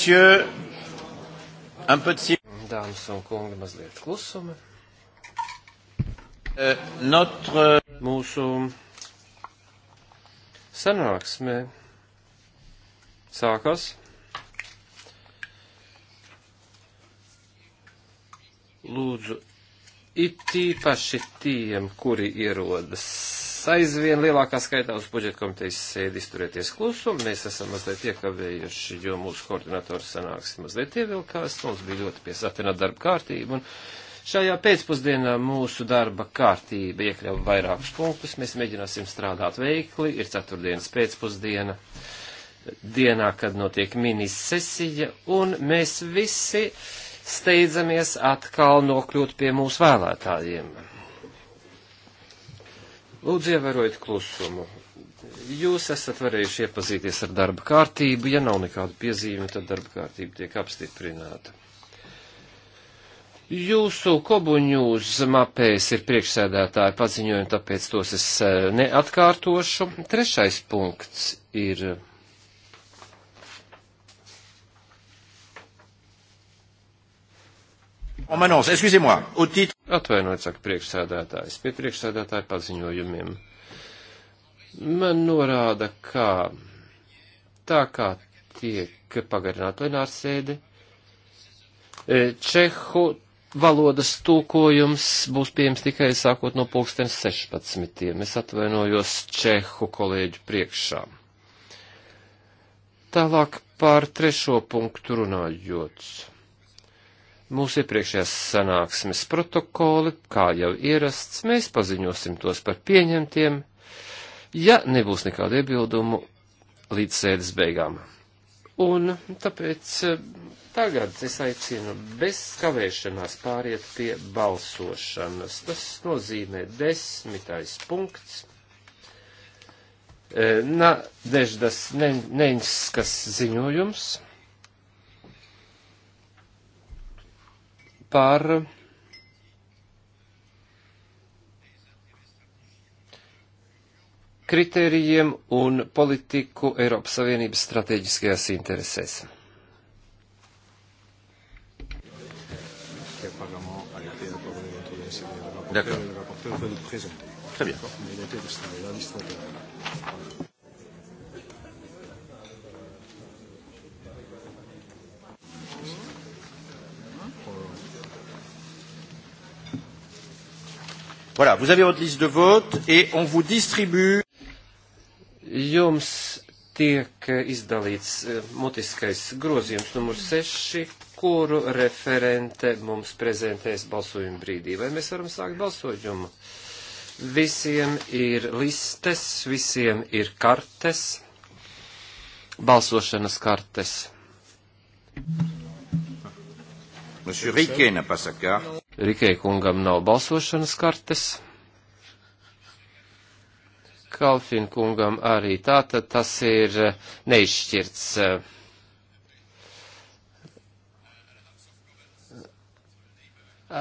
Monsieur, un peu de silence. Dāmas un kungi, mazliet klusuma. Uh, notre... Mūsu sanāksme sākas. Lūdzu, it īpaši tiem, kuri ierodas aizvien lielākā skaitā uz budžeta komitejas sēdi izturēties klusumu. Mēs esam mazliet iekavējuši, jo mūsu koordinatoru sanāksme mazliet ievilkās. Mums bija ļoti piesātināta darba kārtība. Un šajā pēcpusdienā mūsu darba kārtība iekļauj vairākus punktus. Mēs mēģināsim strādāt veikli. Ir ceturtdienas pēcpusdiena dienā, kad notiek minisesija, un mēs visi steidzamies atkal nokļūt pie mūsu vēlētājiem. Lūdzu, ievērojiet klusumu. Jūs esat varējuši iepazīties ar darba kārtību. Ja nav nekādu piezīmju, tad darba kārtība tiek apstiprināta. Jūsu kobuņūz mapēs ir priekšsēdētāja paziņojumi, tāpēc tos es eh, neatkārtošu. Trešais punkts ir Atvainojiet, saka priekšsēdētājs, pie priekšsēdētāja paziņojumiem. Man norāda, ka tā kā tiek pagarināta plenārsēde, e, čehu valodas tūkojums būs pieejams tikai sākot no pulkstens 16. Es atvainojos čehu kolēģu priekšā. Tālāk par trešo punktu runājot mūsu iepriekšējās sanāksmes protokoli, kā jau ierasts, mēs paziņosim tos par pieņemtiem, ja nebūs nekādu iebildumu līdz sēdes beigām. Un tāpēc eh, tagad es aicinu bez kavēšanās pāriet pie balsošanas. Tas nozīmē desmitais punkts. Eh, Nadeždas Neņskas ziņojums. par kritērijiem un politiku Eiropas Savienības strateģiskajās interesēs. D'accord. Très bien. Voilà, vous avez votre liste de vote et on vous distribue. Jums tiek izdalīts eh, mutiskais grozījums numur 6, kuru referente mums prezentēs balsojuma brīdī. Vai mēs varam sākt balsojumu? Visiem ir listes, visiem ir kartes, balsošanas kartes. Mm -hmm. Rikē kungam nav balsošanas kartes. Kalfin kungam arī tā, tad tas ir eh, neizšķirts. Eh,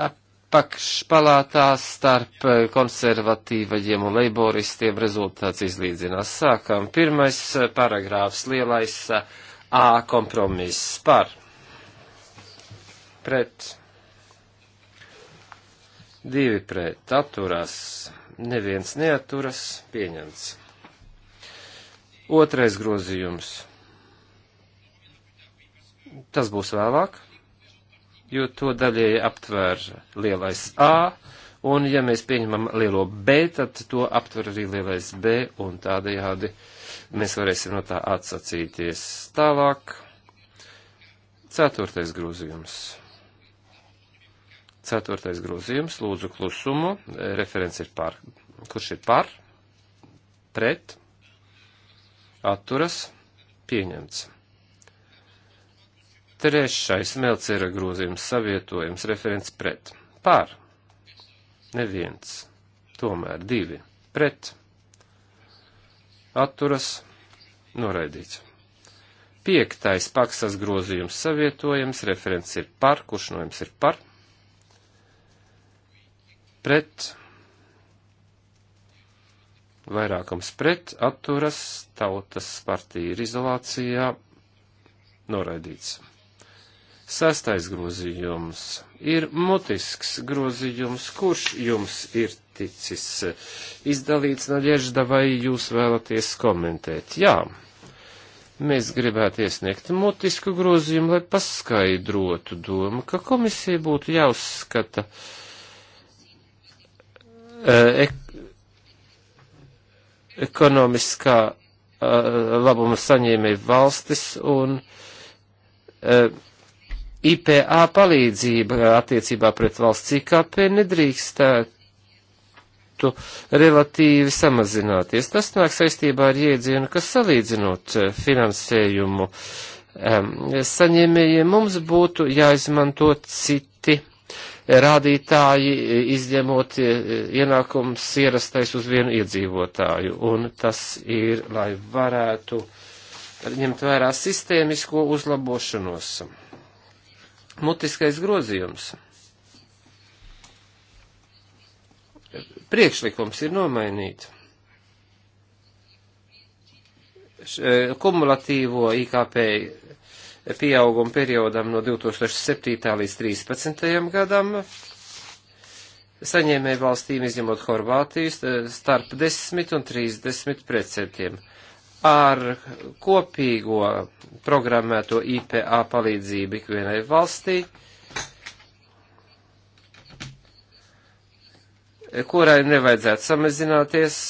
apakšpalātā starp eh, konservatīvajiem un leiboristiem rezultāts izlīdzinās. Sākam pirmais paragrāfs lielais A kompromiss par pret, divi pret, atturās, neviens neaturas, pieņemts. Otrais grozījums. Tas būs vēlāk, jo to daļēji aptver lielais A, un ja mēs pieņemam lielo B, tad to aptver arī lielais B, un tādējādi mēs varēsim no tā atsacīties tālāk. Ceturtais grozījums. Ceturtais grozījums, lūdzu klusumu, e, referents ir par. Kurš ir par? Pret? Atturas? Pieņemts. Trešais melcera grozījums savietojums referents pret. Pār. Neviens. Tomēr divi. Pret. Atturas. Noraidīts. Piektais paksas grozījums savietojums referents ir par. Kurš no jums ir par? pret, vairākums pret, atturas, tautas partija ir izolācijā, noraidīts. Sestais grozījums ir mutisks grozījums, kurš jums ir ticis izdalīts, Naļiežda, vai jūs vēlaties komentēt? Jā, mēs gribētu iesniegt mutisku grozījumu, lai paskaidrotu domu, ka komisija būtu jāuzskata, uh, Eh, ek, ekonomiskā eh, labuma saņēmēja valstis un eh, IPA palīdzība attiecībā pret valsts IKP nedrīkstētu relatīvi samazināties. Tas nāk saistībā ar jēdzienu, kas salīdzinot finansējumu saņēmējiem mums būtu jāizmanto cit rādītāji, izņemot e, ienākums ierastais uz vienu iedzīvotāju. Un tas ir, lai varētu ņemt vērā sistēmisko uzlabošanos. Mutiskais grozījums. Priekšlikums ir nomainīt e, kumulatīvo IKP pieauguma periodam no 2007. līdz 2013. gadam. Saņēmēju valstīm izņemot Horvātijas starp 10 un 30 precentiem. Ar kopīgo programmēto IPA palīdzību ikvienai valstī, kurai nevajadzētu samazināties,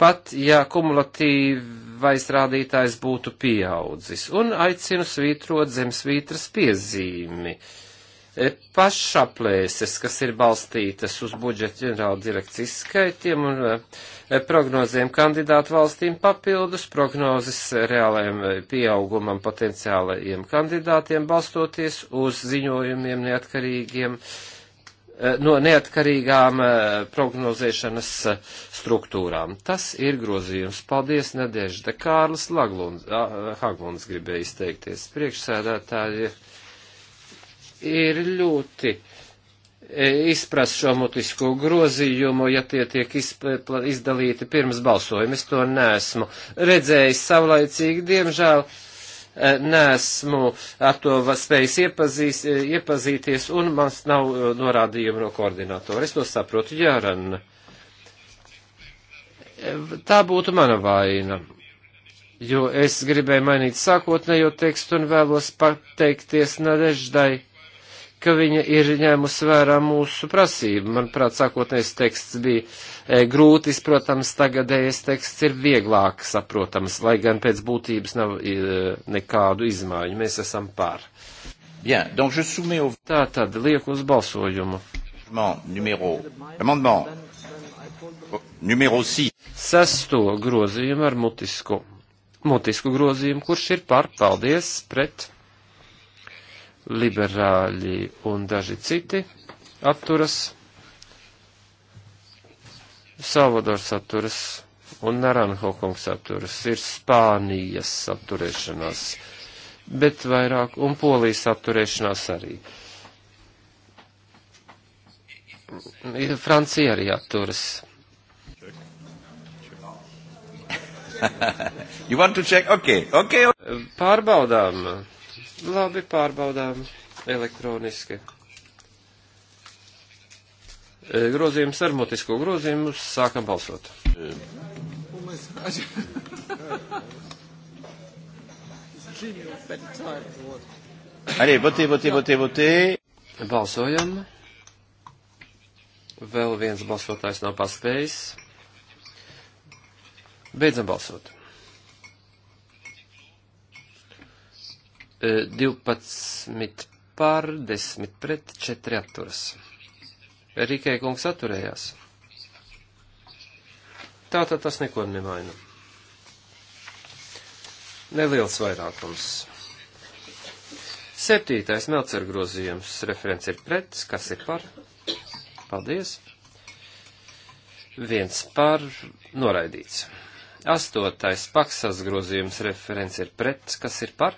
pat ja kumulatīvais rādītājs būtu pieaudzis, un aicinu svītrot zemsvītras piezīmi. E, pašaplēses, kas ir balstītas uz budžeta ģenerāla direkcijas skaitiem un e, prognozēm kandidātu valstīm papildus, prognozes reālajiem e, pieaugumam potenciālajiem kandidātiem balstoties uz ziņojumiem neatkarīgiem uh, Eh, no neatkarīgām eh, prognozēšanas eh, struktūrām. Tas ir grozījums. Paldies, Nadežda Kārlis Laglunds, Haglunds gribēja izteikties. Priekšsēdētāji ir ļoti izprast šo mutisko grozījumu, ja tie tiek izdalīti pirms balsojuma. Es to neesmu redzējis savlaicīgi, diemžēl. Uh, Eh, nesmu ar to spējis iepazīs, eh, iepazīties, un man nav eh, norādījumu no koordinatora. Es to saprotu, Jāran. Tā būtu mana vaina, jo es gribēju mainīt sākotnējo tekstu un vēlos pateikties Nadeždai ka viņa ir ņēmusi vērā mūsu prasību. Manuprāt, sākotnējais teksts bija e, grūti izprotams, tagadējais teksts ir vieglāk saprotams, lai gan pēc būtības nav e, nekādu izmaiņu. Mēs esam pār. Bien, donc je soumets au... Tā tad lieku uz balsojumu. Numero, amendement, numero 6. Sesto grozījumu ar mutisku. Mutisku grozījumu, kurš ir pārpaldies pret liberāļi un daži citi atturas, Salvadors atturas un Naranjo kungs atturas, ir Spānijas atturēšanās, bet vairāk, un Polijas atturēšanās arī. Francija arī atturas. you want to check? Okay, okay. Pārbaudām. Labi, pārbaudām elektroniski. E, grozījums ar motisko grozījumu sākam balsot. Arī votī, votī, votī, votī. Balsojam. Vēl viens balsotājs nav paspējis. Beidzam balsot. 12 par 10 pret 4 atturas. Rīkē kungs atturējās. Tātad tas neko nemaina. Neliels vairākums. Septītais melcer grozījums. Referents ir pret, kas ir par. Paldies. Viens par noraidīts. Astotais paksas grozījums referents ir pret, kas ir par.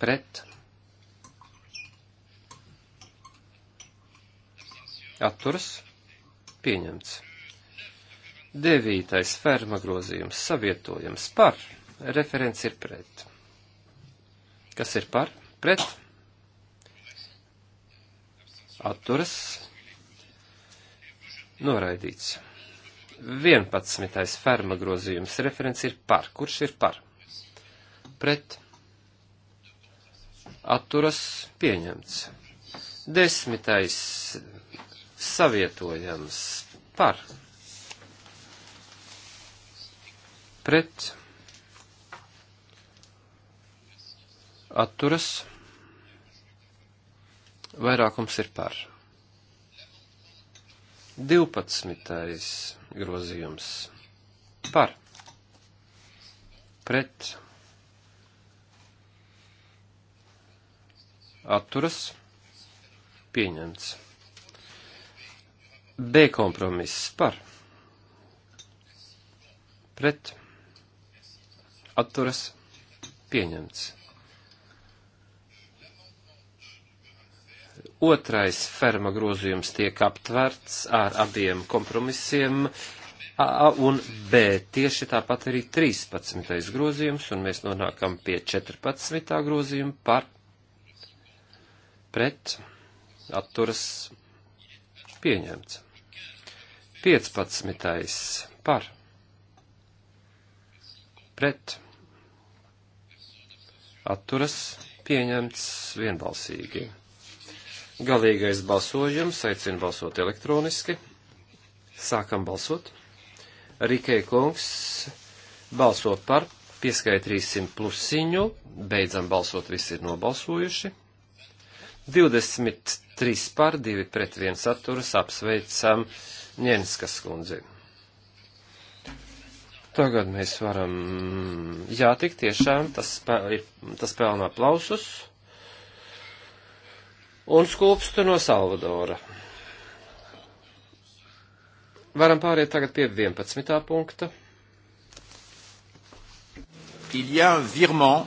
pret atturs pieņemts. Devītais ferma grozījums savietojams par, referents ir pret. Kas ir par? Pret. Atturas. Noraidīts. 11. ferma grozījums referents ir par. Kurš ir par? Pret atturas pieņemts. Desmitais savietojams par pret atturas vairākums ir par. 12. grozījums par pret atturas pieņemts. B kompromiss par pret atturas pieņemts. Otrais ferma grozījums tiek aptverts ar abiem kompromisiem A un B. Tieši tāpat arī 13. grozījums, un mēs nonākam pie 14. grozījuma par pret atturas pieņemts. 15. par pret atturas pieņemts vienbalsīgi. Galīgais balsojums aicina balsot elektroniski. Sākam balsot. Rikei kungs balso par, pieskait 300 plusiņu, beidzam balsot, visi ir nobalsojuši. 23 pār 2 pret 1 atturas apsveicam Ņenskas kundzi. Tagad mēs varam, jā, tik tiešām, tas, ir, tas pelnā aplausus. Un skūpstu no Salvadora. Varam pāriet tagad pie 11. punkta. Il y a un virement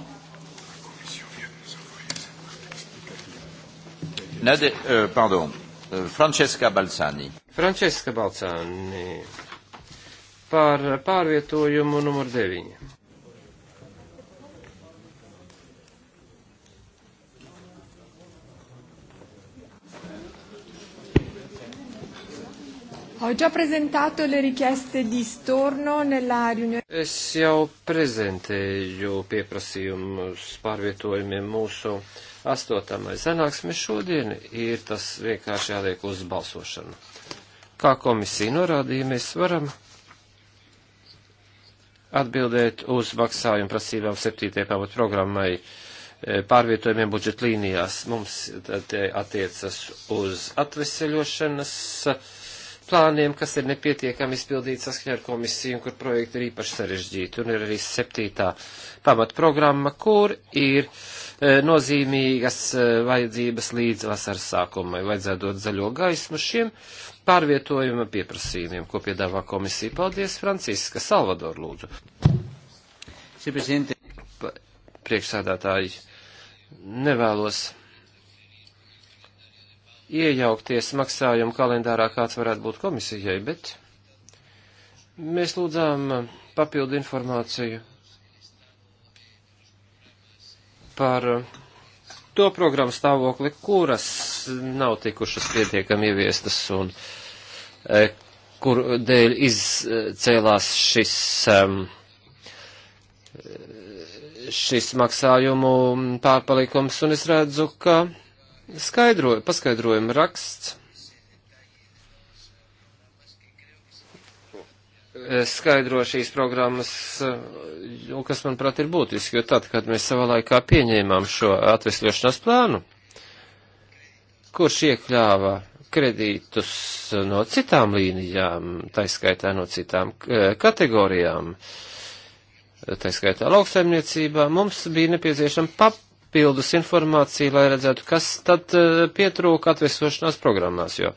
Nade, uh, pardon, uh, Francesca Balzani. Francesca Balzani par pārvietojumu numur 9. Ho già presentato le richieste di storno nella riunione. Es jau prezentēju pieprasījumus pārvietojumiem mūsu astotamai sanāksmē šodien, ir tas vienkārši jāliek uz balsošanu. Kā komisija norādīja, mēs varam atbildēt uz maksājumu prasībām 7. pavadu programmai eh, pārvietojumiem budžetlīnijās. Mums tie attiecas uz atveseļošanas plāniem, kas ir nepietiekami izpildīti saskaņā ar komisiju, un kur projekti ir īpaši sarežģīti. Un ir arī septītā pamatprogramma, kur ir e, nozīmīgas e, vajadzības līdz vasaras sākumai, vajadzētu dot zaļo gaismu šiem pārvietojuma pieprasījumiem, ko piedāvā komisija. Paldies, Franciska Salvador, lūdzu. Priekšsēdētāji, nevēlos iejaukties maksājumu kalendārā, kāds varētu būt komisijai, bet mēs lūdzām papildu informāciju par to programmu stāvokli, kuras nav tikušas pietiekami ieviestas un e, kur dēļ izcēlās šis, um, šis maksājumu pārpalikums. Un es redzu, ka Skaidro, paskaidrojuma raksts skaidro šīs programmas, eh, kas, manuprāt, ir būtiski, jo tad, kad mēs savā laikā pieņēmām šo atvesļošanās plānu, kurš iekļāva kredītus no citām līnijām, taiskaitā no citām eh, kategorijām, taiskaitā lauksaimniecībā, mums bija nepieciešama pap papildus informāciju, lai redzētu, kas tad eh, pietrūka atvesošanās programmās, jo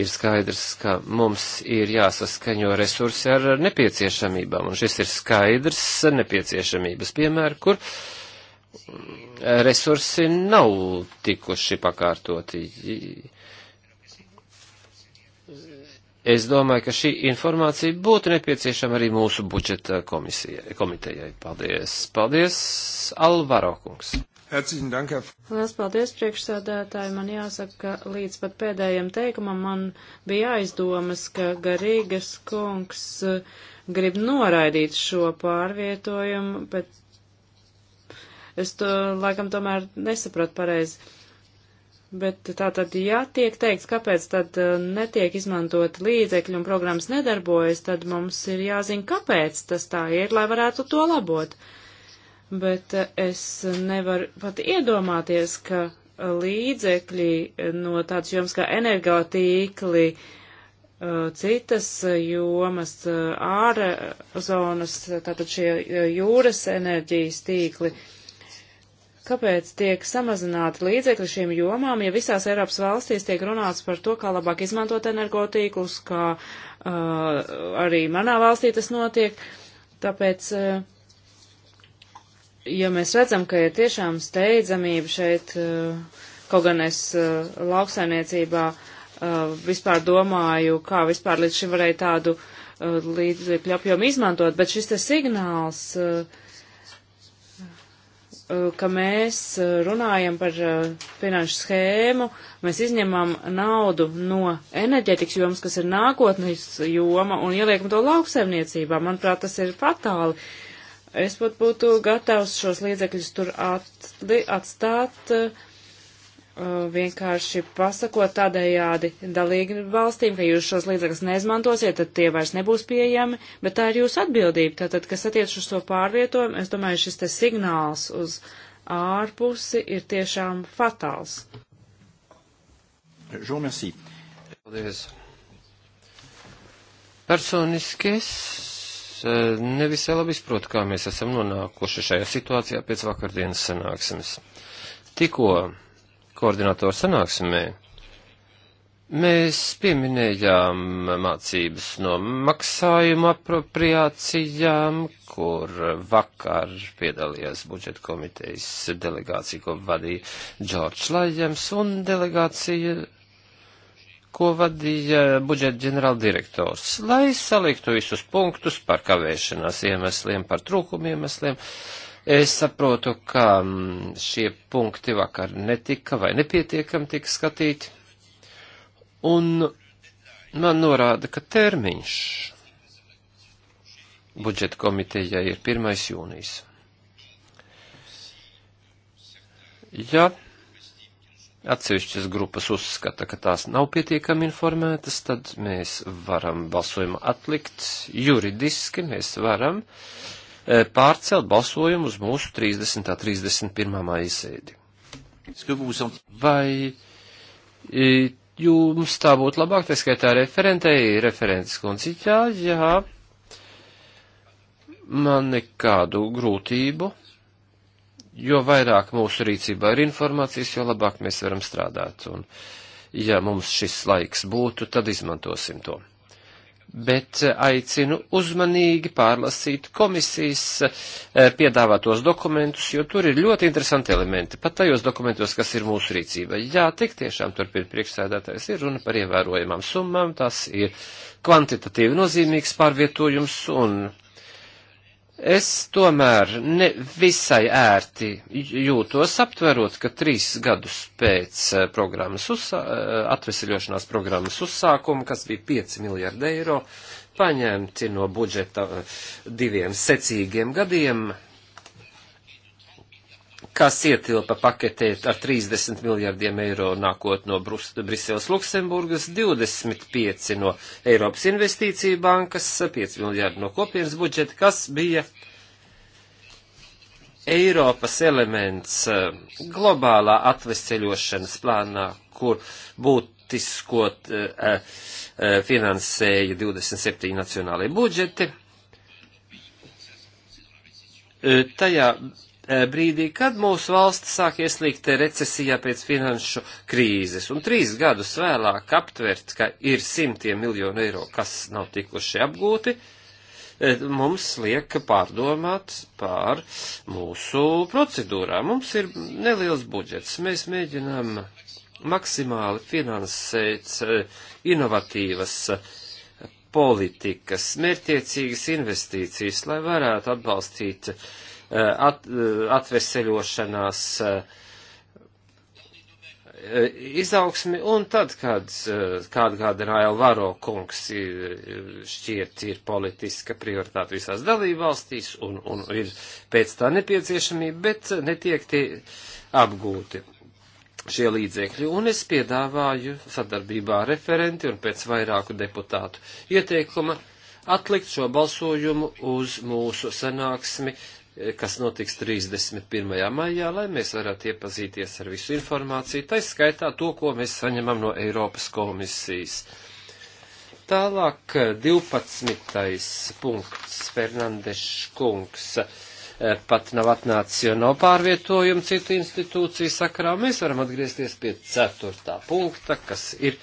ir skaidrs, ka mums ir jāsaskaņo resursi ar nepieciešamībām, un šis ir skaidrs nepieciešamības piemēra, kur mm, resursi nav tikuši pakārtoti Es domāju, ka šī informācija būtu nepieciešama arī mūsu budžeta komisijai, komitejai. Paldies! Paldies, Alvaro kungs! Lielas paldies, priekšsēdētāji. Man jāsaka, ka līdz pat pēdējiem teikumam man bija aizdomas, ka Garīgas kungs eh, grib noraidīt šo pārvietojumu, bet es to laikam tomēr nesapratu pareizi. Bet tātad, ja tiek teikts, kāpēc tad eh, netiek izmantot līdzekļi un programmas nedarbojas, tad mums ir jāzina, kāpēc tas tā ir, lai varētu to labot. Bet eh, es nevaru pat iedomāties, ka eh, līdzekļi no tādas jomas kā energotīkli, citas jomas, ārzonas, tātad šie jūras enerģijas tīkli, uh, Kāpēc tiek samazināti līdzekļi šīm jomām, ja visās Eiropas valstīs tiek runāts par to, kā labāk izmantot energotīklus, kā uh, arī manā valstī tas notiek? Tāpēc, uh, ja mēs redzam, ka ir tiešām steidzamība šeit, uh, kaut gan es uh, lauksainiecībā uh, vispār domāju, kā vispār līdz šim varēja tādu uh, līdzekļu apjomu izmantot, bet šis te signāls. Uh, Uh, ka mēs uh, runājam par uh, finanšu schēmu, mēs izņemam naudu no enerģetikas jomas, kas ir nākotnes joma, un ieliekam to lauksaimniecībā. Manuprāt, tas ir fatāli. Es pat būtu gatavs šos līdzekļus tur atli, atstāt. Uh, Uh, vienkārši pasakot tādējādi dalīgi valstīm, ka jūs šos līdzekļus neizmantosiet, tad tie vairs nebūs pieejami, bet tā ir jūsu atbildība. Tātad, kas attiec uz to pārvietojumu, es domāju, šis te signāls uz ārpusi ir tiešām fatāls. Žomersī. Paldies. Personiski es eh, nevisai labi izprotu, kā mēs esam nonākuši šajā situācijā pēc vakardienas sanāksmes. Tikko koordinatoru sanāksmē mēs pieminējām mācības no maksājuma apropriācijām, kur vakar piedalījās budžeta komitejas delegācija, ko vadīja Džordžs Lajams, un delegācija, ko vadīja budžeta ģenerāldirektors, lai saliktu visus punktus par kavēšanās iemesliem, par trūkumu iemesliem. Uh, Es saprotu, ka mm, šie punkti vakar netika vai nepietiekam tika skatīti, un man norāda, ka termiņš budžeta komitejai ir 1. jūnijas. Ja atsevišķas grupas uzskata, ka tās nav pietiekami informētas, tad mēs varam balsojumu atlikt juridiski, mēs varam uh, Eh, pārcelt balsojumu uz mūsu 30. 31. maija sēdi. Vai jums tā būtu labāk, tā skaitā referentei, referents konciķā, jā, man nekādu grūtību, jo vairāk mūsu rīcībā ir informācijas, jo labāk mēs varam strādāt. Un, ja mums šis laiks būtu, tad izmantosim to bet eh, aicinu uzmanīgi pārlasīt komisijas eh, piedāvātos dokumentus, jo tur ir ļoti interesanti elementi, pat tajos dokumentos, kas ir mūsu rīcība. Jā, tik tiešām turpina priekšsēdētājs ir runa par ievērojamām summām, tas ir kvantitatīvi nozīmīgs pārvietojums un Es tomēr ne visai ērti jūtos aptverot, ka trīs gadus pēc eh, programmas uzsā, eh, atveseļošanās programmas uzsākuma, kas bija 5 miljārdi eiro, paņemti no budžeta eh, diviem secīgiem gadiem, kas ietilpa paketē ar 30 miljardiem eiro nākot no Briseles Luksemburgas, 25 no Eiropas investīcija bankas, 5 miljardi no kopienas budžeta, kas bija Eiropas elements eh, globālā atveseļošanas plānā, kur būtiskot eh, eh, finansēja 27 nacionālajie budžeti. Tajā Eh, brīdī, kad mūsu valsts sāk ieslīgt recesijā pēc finanšu krīzes, un trīs gadus vēlāk aptvert, ka ir simtiem miljonu eiro, kas nav tikuši apgūti, eh, mums liek pārdomāt pār mūsu procedūrām. Mums ir neliels budžets, mēs mēģinām maksimāli finansēt eh, inovatīvas politikas, mērķiecīgas investīcijas, lai varētu atbalstīt uh, Uh, at, uh, atveseļošanās uh, izaugsmi, un tad, kad kāda gada Railvaro kungs ir, šķiet ir politiska prioritāte visās dalībvalstīs, un, un ir pēc tā nepieciešamība, bet netiek tie apgūti šie līdzekļi, un es piedāvāju sadarbībā ar referenti un pēc vairāku deputātu ieteikuma atlikt šo balsojumu uz mūsu sanāksmi kas notiks 31. maijā, lai mēs varētu iepazīties ar visu informāciju, tā skaitā to, ko mēs saņemam no Eiropas komisijas. Tālāk 12. Eh, punkts Fernandeša kungs eh, pat nav atnācis jau nav pārvietojuma citu institūciju sakarā. Mēs varam atgriezties pie 4. punkta, kas ir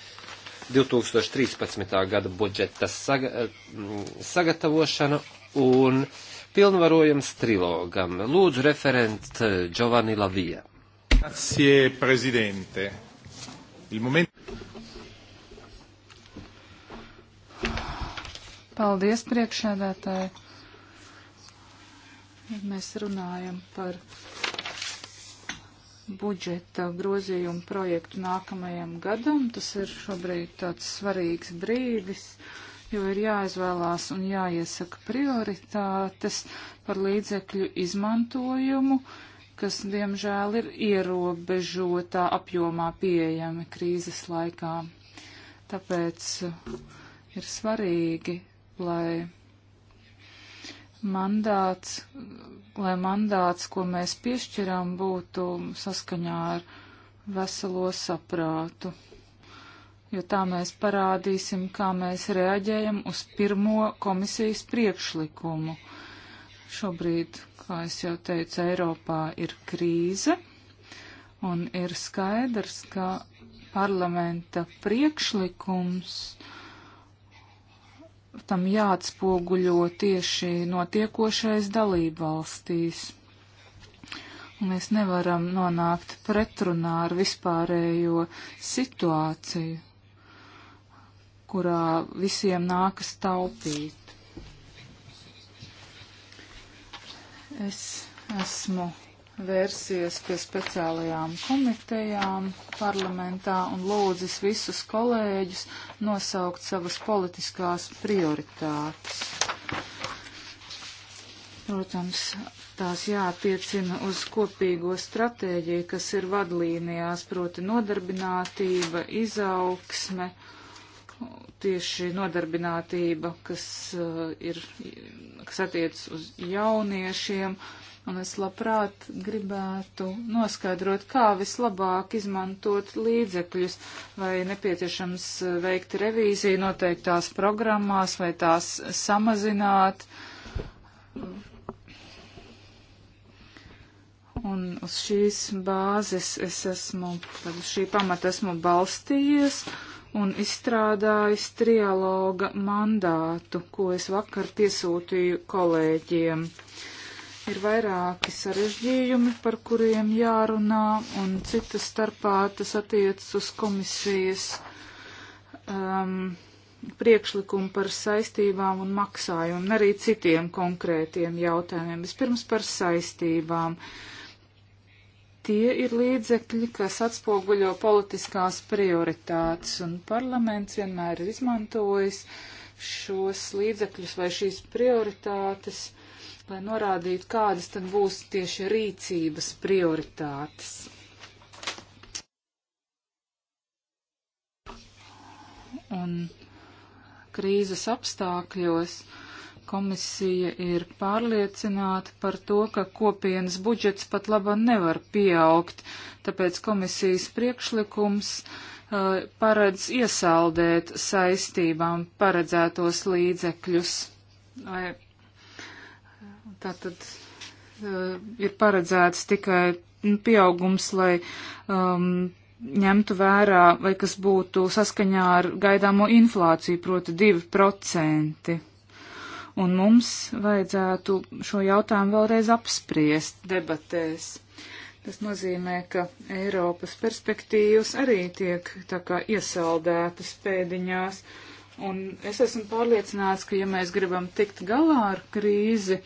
2013. gada budžeta eh, sagatavošana un pilnvarojums trilogam. Lūdzu, referent eh, Giovanni Lavija. Grazie, prezidente. Il moment... Paldies, priekšēdētāji. Mēs runājam par budžeta grozījumu projektu nākamajam gadam. Tas ir šobrīd tāds svarīgs brīdis. Uh, jo ir jāizvēlās un jāiesaka prioritātes par līdzekļu izmantojumu, kas, diemžēl, ir ierobežotā apjomā pieejami krīzes laikā. Tāpēc uh, ir svarīgi, lai mandāts, lai mandāts, ko mēs piešķiram, būtu saskaņā ar veselo saprātu jo tā mēs parādīsim, kā mēs reaģējam uz pirmo komisijas priekšlikumu. Šobrīd, kā es jau teicu, Eiropā ir krīze, un ir skaidrs, ka parlamenta priekšlikums tam jāatspoguļo tieši notiekošais dalībvalstīs. Mēs nevaram nonākt pretrunā ar vispārējo situāciju kurā visiem nākas taupīt. Es esmu vērsies pie speciālajām komitejām parlamentā un lūdzis visus kolēģus nosaukt savas politiskās prioritātes. Protams, tās jātiecina uz kopīgo stratēģiju, kas ir vadlīnijās, proti nodarbinātība, izaugsme tieši nodarbinātība, kas eh, ir, kas attiec uz jauniešiem, un es labprāt gribētu noskaidrot, kā vislabāk izmantot līdzekļus, vai nepieciešams eh, veikt revīziju noteiktās programmās, vai tās samazināt. Un uz šīs bāzes es esmu, šī pamata esmu balstījies. Uh, un izstrādājis trialoga mandātu, ko es vakar piesūtīju kolēģiem. Ir vairāki sarežģījumi, par kuriem jārunā, un citas starpā tas attiecas uz komisijas um, priekšlikumu par saistībām un maksājumu, un arī citiem konkrētiem jautājumiem. Vispirms par saistībām. Uh, Tie ir līdzekļi, kas atspoguļo politiskās prioritātes, un parlaments vienmēr ir izmantojis šos līdzekļus vai šīs prioritātes, lai norādītu, kādas tad būs tieši rīcības prioritātes. Un krīzes apstākļos uh, Komisija ir pārliecināta par to, ka kopienas budžets pat laba nevar pieaugt, tāpēc komisijas priekšlikums uh, paredz iesaldēt saistībām paredzētos līdzekļus. Tātad uh, ir paredzēts tikai pieaugums, lai um, ņemtu vērā vai kas būtu saskaņā ar gaidāmo inflāciju, proti 2% un mums vajadzētu šo jautājumu vēlreiz apspriest debatēs. Tas nozīmē, ka Eiropas perspektīvas arī tiek tā kā iesaldētas pēdiņās, un es esmu pārliecināts, ka ja mēs gribam tikt galā ar krīzi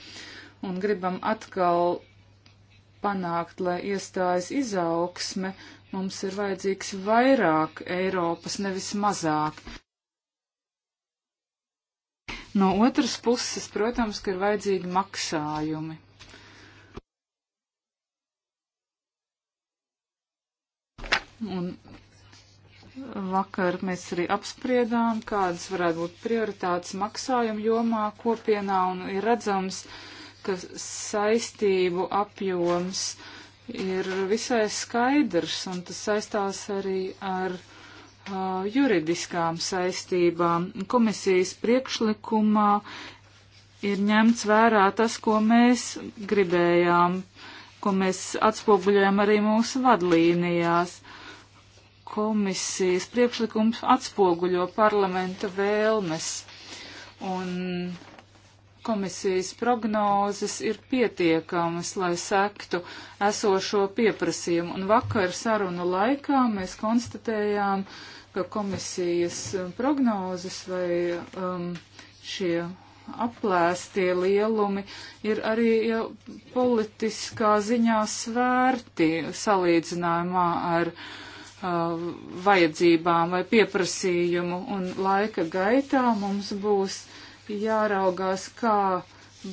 un gribam atkal panākt, lai iestājas izaugsme, mums ir vajadzīgs vairāk Eiropas, nevis mazāk. No otras puses, protams, ka ir vajadzīgi maksājumi. Un vakar mēs arī apspriedām, kādas varētu būt prioritātes maksājumu jomā kopienā, un ir redzams, ka saistību apjoms ir visai skaidrs, un tas saistās arī ar uh, juridiskām saistībām. Komisijas priekšlikumā ir ņemts vērā tas, ko mēs gribējām, ko mēs atspoguļojam arī mūsu vadlīnijās. Komisijas priekšlikums atspoguļo parlamenta vēlmes. Un komisijas prognozes ir pietiekamas, lai sektu esošo pieprasījumu. Un vakar sarunu laikā mēs konstatējām, ka komisijas prognozes vai um, šie aplēstie lielumi ir arī jau politiskā ziņā svērti salīdzinājumā ar uh, vajadzībām vai pieprasījumu, un laika gaitā mums būs uh, jāraugās, kā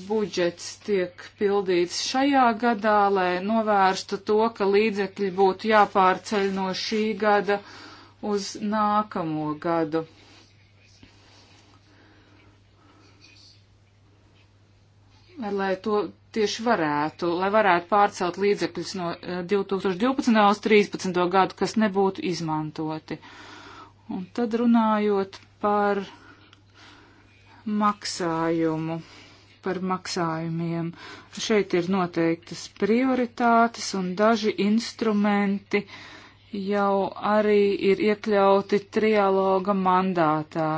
budžets tiek pildīts šajā gadā, lai novērstu to, ka līdzekļi būtu jāpārceļ no šī gada uz nākamo gadu. Lai to tieši varētu, lai varētu pārcelt līdzekļus no 2012. Eh, uz 2013. gadu, kas nebūtu izmantoti. Un tad runājot par maksājumu par maksājumiem. Šeit ir noteiktas prioritātes un daži instrumenti jau arī ir iekļauti trialoga mandātā.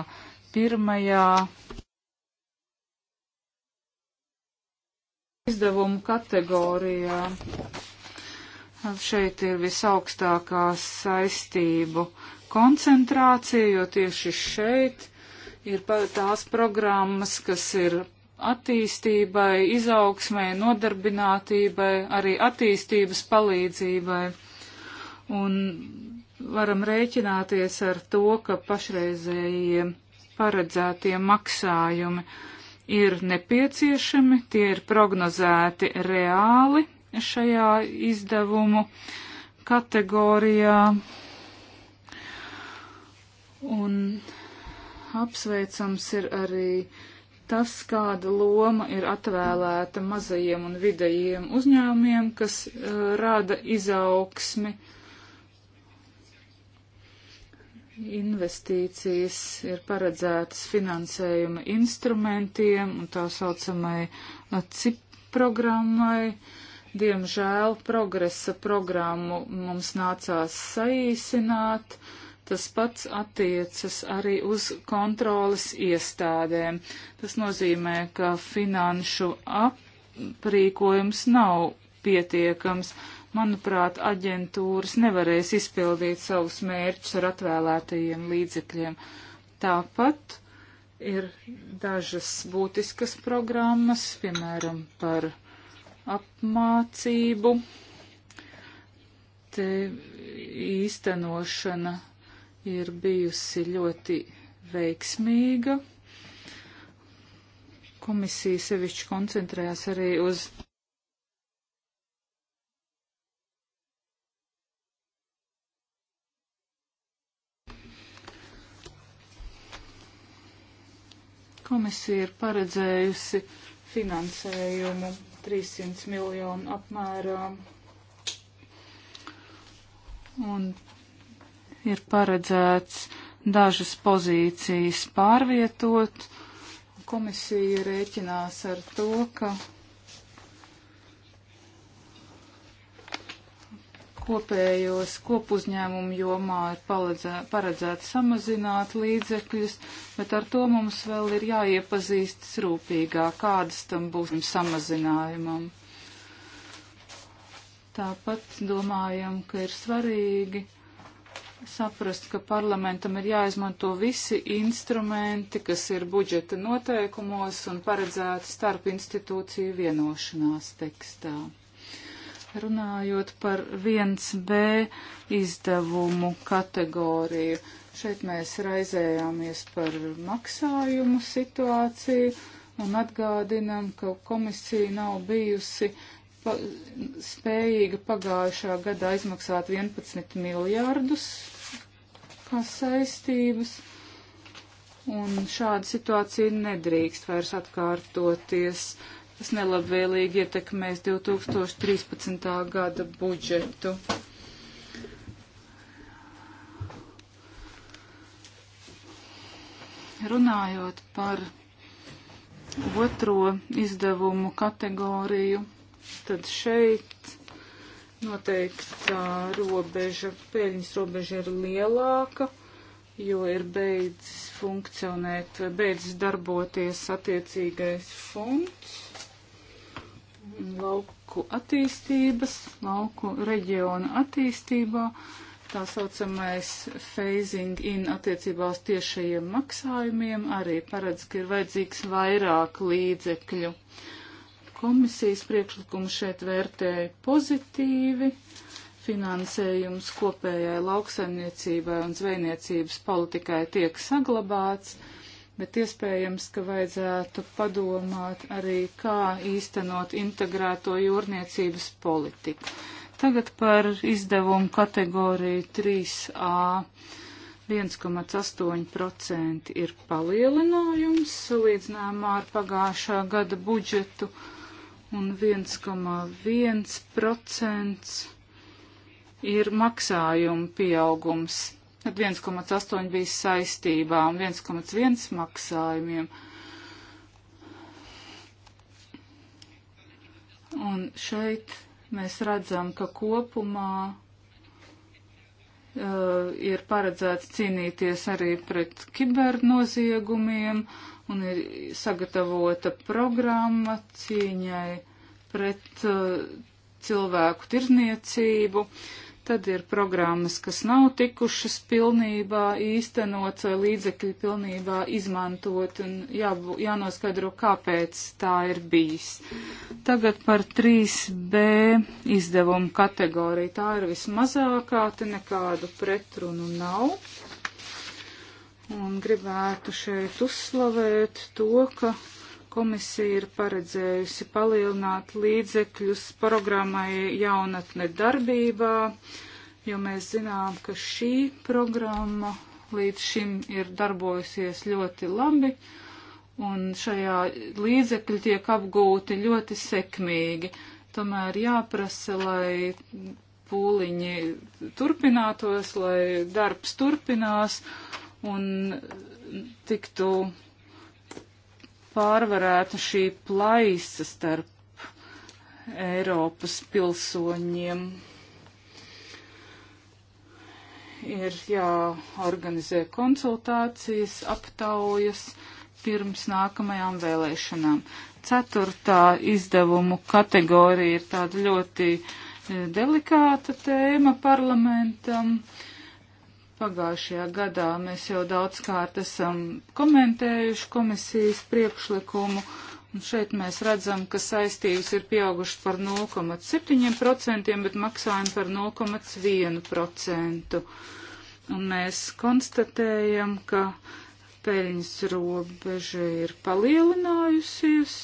Pirmajā izdevumu kategorijā šeit ir visaugstākā saistību koncentrācija, jo tieši šeit ir tās programmas, kas ir attīstībai, izaugsmai, nodarbinātībai, arī attīstības palīdzībai. Un varam rēķināties ar to, ka pašreizējie paredzētie maksājumi ir nepieciešami, tie ir prognozēti reāli šajā izdevumu kategorijā. Un Apsveicams ir arī tas, kāda loma ir atvēlēta mazajiem un vidējiem uzņēmumiem, kas uh, rada izaugsmi. Investīcijas ir paredzētas finansējuma instrumentiem un tā saucamai eh, CIP programmai. Diemžēl progresa programmu mums nācās saīsināt. Uh, Tas pats attiecas arī uz kontrolas iestādēm. Tas nozīmē, ka finanšu aprīkojums nav pietiekams. Manuprāt, aģentūras nevarēs izpildīt savus mērķus ar atvēlētajiem līdzekļiem. Tāpat ir dažas būtiskas programmas, piemēram, par apmācību. Te īstenošana ir bijusi ļoti veiksmīga. Komisija sevišķi koncentrējās arī uz Komisija ir paredzējusi finansējumu 300 miljonu apmērā. Un ir paredzēts dažas pozīcijas pārvietot. Komisija rēķinās ar to, ka kopējos kopuzņēmumu jomā ir paredzēts samazināt līdzekļus, bet ar to mums vēl ir jāiepazīstas rūpīgāk, kādas tam būs samazinājumam. Tāpat domājam, ka ir svarīgi saprast, ka parlamentam ir jāizmanto visi instrumenti, kas ir budžeta noteikumos un paredzēti starp institūciju vienošanās tekstā. Runājot par 1B izdevumu kategoriju, šeit mēs raizējāmies par maksājumu situāciju un atgādinām, ka komisija nav bijusi uh, pa, spējīga pagājušā gadā izmaksāt 11 miljārdus kā saistības. Un šāda situācija nedrīkst vairs atkārtoties. Tas nelabvēlīgi ietekmēs 2013. gada budžetu. Runājot par otro izdevumu kategoriju, tad šeit noteiktā robeža, peļņas robeža ir lielāka, jo ir beidzis funkcionēt, beidzis darboties attiecīgais fonds lauku attīstības, lauku reģiona attīstībā, tā saucamais phasing in attiecībā uz tiešajiem maksājumiem, arī paredz, ka ir vajadzīgs vairāk līdzekļu. Uh, Komisijas priekšlikumu šeit vērtēja pozitīvi. Finansējums kopējai lauksaimniecībai un zvejniecības politikai tiek saglabāts, bet iespējams, ka vajadzētu padomāt arī, kā īstenot integrēto jūrniecības politiku. Tagad par izdevumu kategoriju 3A. 1,8% ir palielinājums salīdzinājumā ar pagājušā gada budžetu. Uh, un 1,1% ir maksājuma pieaugums. Tad 1,8 bija saistībām, 1,1 maksājumiem. Un šeit mēs redzam, ka kopumā uh, ir paredzēts cīnīties arī pret kibernoziegumiem un ir sagatavota programma cīņai pret uh, cilvēku tirzniecību. Tad ir programmas, kas nav tikušas pilnībā īstenots vai līdzekļi pilnībā izmantot un jābū, jānoskaidro, kāpēc tā ir bijis. Tagad par 3B izdevumu kategoriju. Tā ir vismazākā, te nekādu pretrunu nav un gribētu šeit uzslavēt to, ka komisija ir paredzējusi palielināt līdzekļus programmai jaunatne darbībā, jo mēs zinām, ka šī programma līdz šim ir darbojusies ļoti labi, un šajā līdzekļi tiek apgūti ļoti sekmīgi. Tomēr jāprasa, lai pūliņi turpinātos, lai darbs turpinās, un tiktu pārvarēta šī plaisa starp Eiropas pilsoņiem. Ir jāorganizē konsultācijas, aptaujas pirms nākamajām vēlēšanām. Ceturtā izdevumu kategorija ir tāda ļoti eh, delikāta tēma parlamentam. Uh, Pagājušajā gadā mēs jau daudz kārt esam komentējuši komisijas priekšlikumu, un šeit mēs redzam, ka saistības ir pieaugušas par 0,7%, bet maksājumi par 0,1%. Un mēs konstatējam, ka peļņas robeža ir palielinājusies,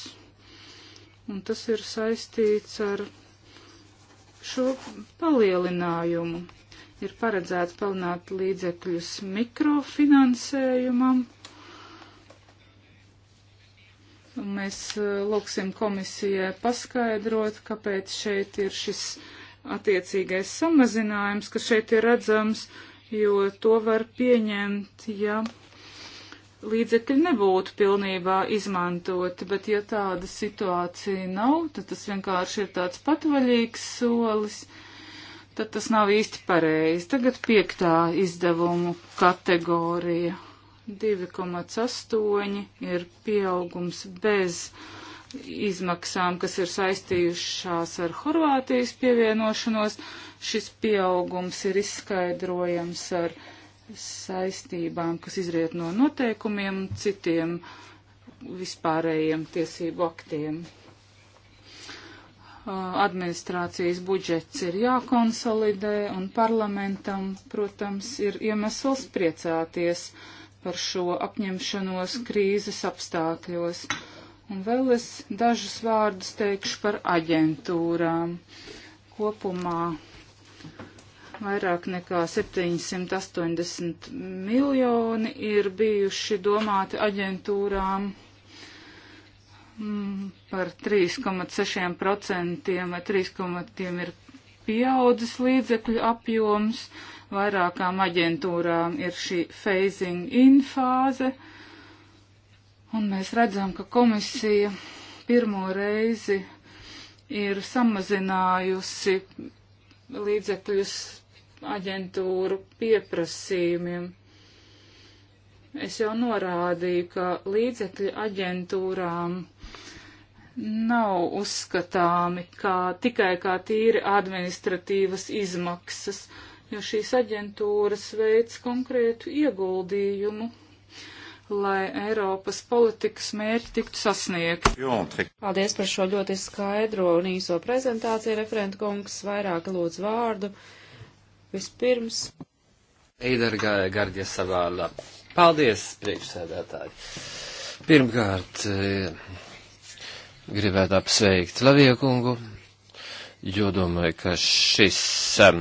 un tas ir saistīts ar šo palielinājumu ir paredzēts pelnāt līdzekļus mikrofinansējumam. Un mēs e, lūksim komisijai paskaidrot, kāpēc šeit ir šis attiecīgais samazinājums, kas šeit ir redzams, jo to var pieņemt, ja līdzekļi nebūtu pilnībā izmantoti, bet ja tāda situācija nav, tad tas vienkārši ir tāds patvaļīgs solis. Uh, tad tas nav īsti pareizi. Tagad piektā izdevumu kategorija. 2,8 ir pieaugums bez izmaksām, kas ir saistījušās ar Horvātijas pievienošanos. Šis pieaugums ir izskaidrojams ar saistībām, kas izriet no noteikumiem un citiem vispārējiem tiesību aktiem administrācijas budžets ir jākonsolidē un parlamentam, protams, ir iemesls priecāties par šo apņemšanos krīzes apstākļos. Un vēl es dažus vārdus teikšu par aģentūrām. Kopumā vairāk nekā 780 miljoni ir bijuši domāti aģentūrām Mm, par 3,6% vai 3,2 ir pieaudzis līdzekļu apjoms, vairākām aģentūrām ir šī phasing in fāze, un mēs redzam, ka komisija pirmo reizi ir samazinājusi līdzekļus aģentūru pieprasījumiem. Es jau norādīju, ka līdzekļu aģentūrām nav uzskatāmi kā, tikai kā tīri administratīvas izmaksas, jo šīs aģentūras veids konkrētu ieguldījumu, lai Eiropas politikas mērķi tiktu sasniegti. Paldies par šo ļoti skaidro un īso prezentāciju, referenta kungs, vairāk lūdz vārdu. Vispirms. Eidarga Gardja Savāla. Paldies, priekšsēdētāji. Pirmkārt, eh, gribētu apsveikt Laviekungu, jo domāju, ka šis eh,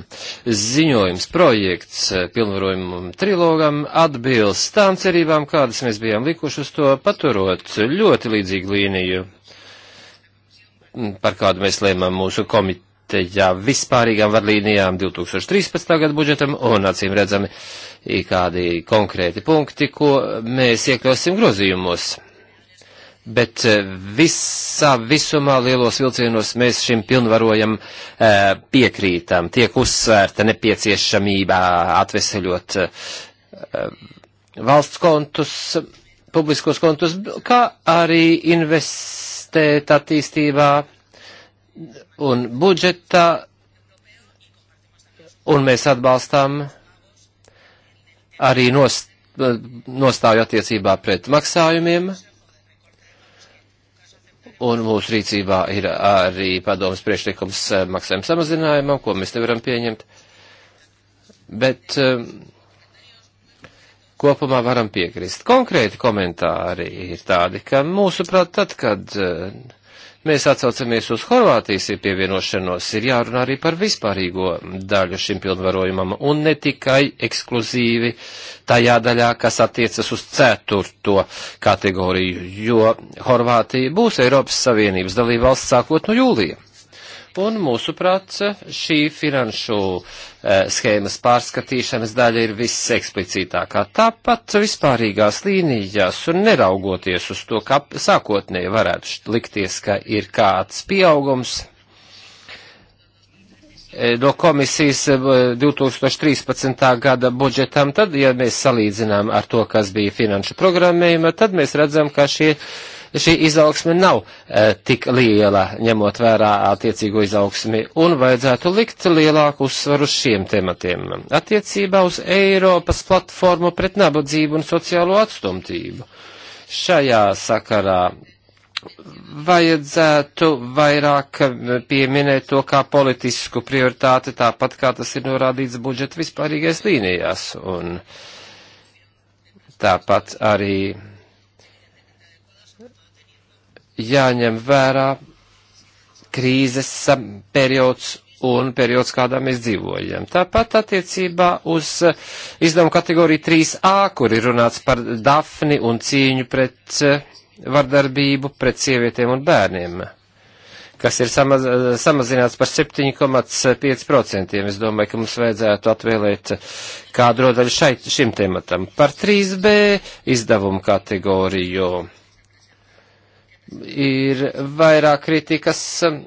ziņojums projekts eh, pilnvarojumam trilogam atbilst tām cerībām, kādas mēs bijām likuši uz to paturot ļoti līdzīgu līniju, par kādu mēs lēmām mūsu komiteju komitejā vispārīgām vadlīnijām 2013. gada budžetam un acīm redzami kādi konkrēti punkti, ko mēs iekļausim grozījumos. Bet eh, visā visumā lielos vilcienos mēs šim pilnvarojam eh, piekrītam, tiek uzsvērta nepieciešamība atveseļot eh, valsts kontus, publiskos kontus, kā arī investēt attīstībā un budžetā, un mēs atbalstām arī nost, nostāju attiecībā pret maksājumiem, un mūsu rīcībā ir arī padomas priekšlikums eh, maksājuma samazinājumam, ko mēs nevaram pieņemt, bet eh, kopumā varam piekrist. Konkrēti komentāri ir tādi, ka mūsuprāt, tad, kad eh, mēs atsaucamies uz Horvātijas pievienošanos, ir jārunā arī par vispārīgo daļu šim pilnvarojumam, un ne tikai ekskluzīvi tajā daļā, kas attiecas uz ceturto kategoriju, jo Horvātija būs Eiropas Savienības dalībvalsts sākot no jūlija un mūsuprāt šī finanšu eh, schēmas pārskatīšanas daļa ir viss eksplicītākā. Tāpat vispārīgās līnijās un neraugoties uz to, ka sākotnēji varētu likties, ka ir kāds pieaugums eh, no komisijas 2013. Eh, gada budžetam, tad, ja mēs salīdzinām ar to, kas bija finanšu programmējuma, tad mēs redzam, ka šie šī izaugsme nav e, tik liela, ņemot vērā attiecīgo izaugsmi, un vajadzētu likt lielāku uzsvaru uz šiem tematiem. Attiecībā uz Eiropas platformu pret nabadzību un sociālo atstumtību. Šajā sakarā vajadzētu vairāk pieminēt to kā politisku prioritāti, tāpat kā tas ir norādīts budžeta vispārīgais līnijās. Un tāpat arī jāņem vērā krīzes periods un periods, kādā mēs dzīvojam. Tāpat attiecībā uz eh, izdevumu kategoriju 3A, kur ir runāts par dafni un cīņu pret eh, vardarbību pret sievietēm un bērniem, kas ir samaz, eh, samazināts par 7,5%. Es domāju, ka mums vajadzētu atvēlēt kādu rodaļu šeit, šim tematam. Par 3B izdevumu kategoriju ir vairāk kritikas um,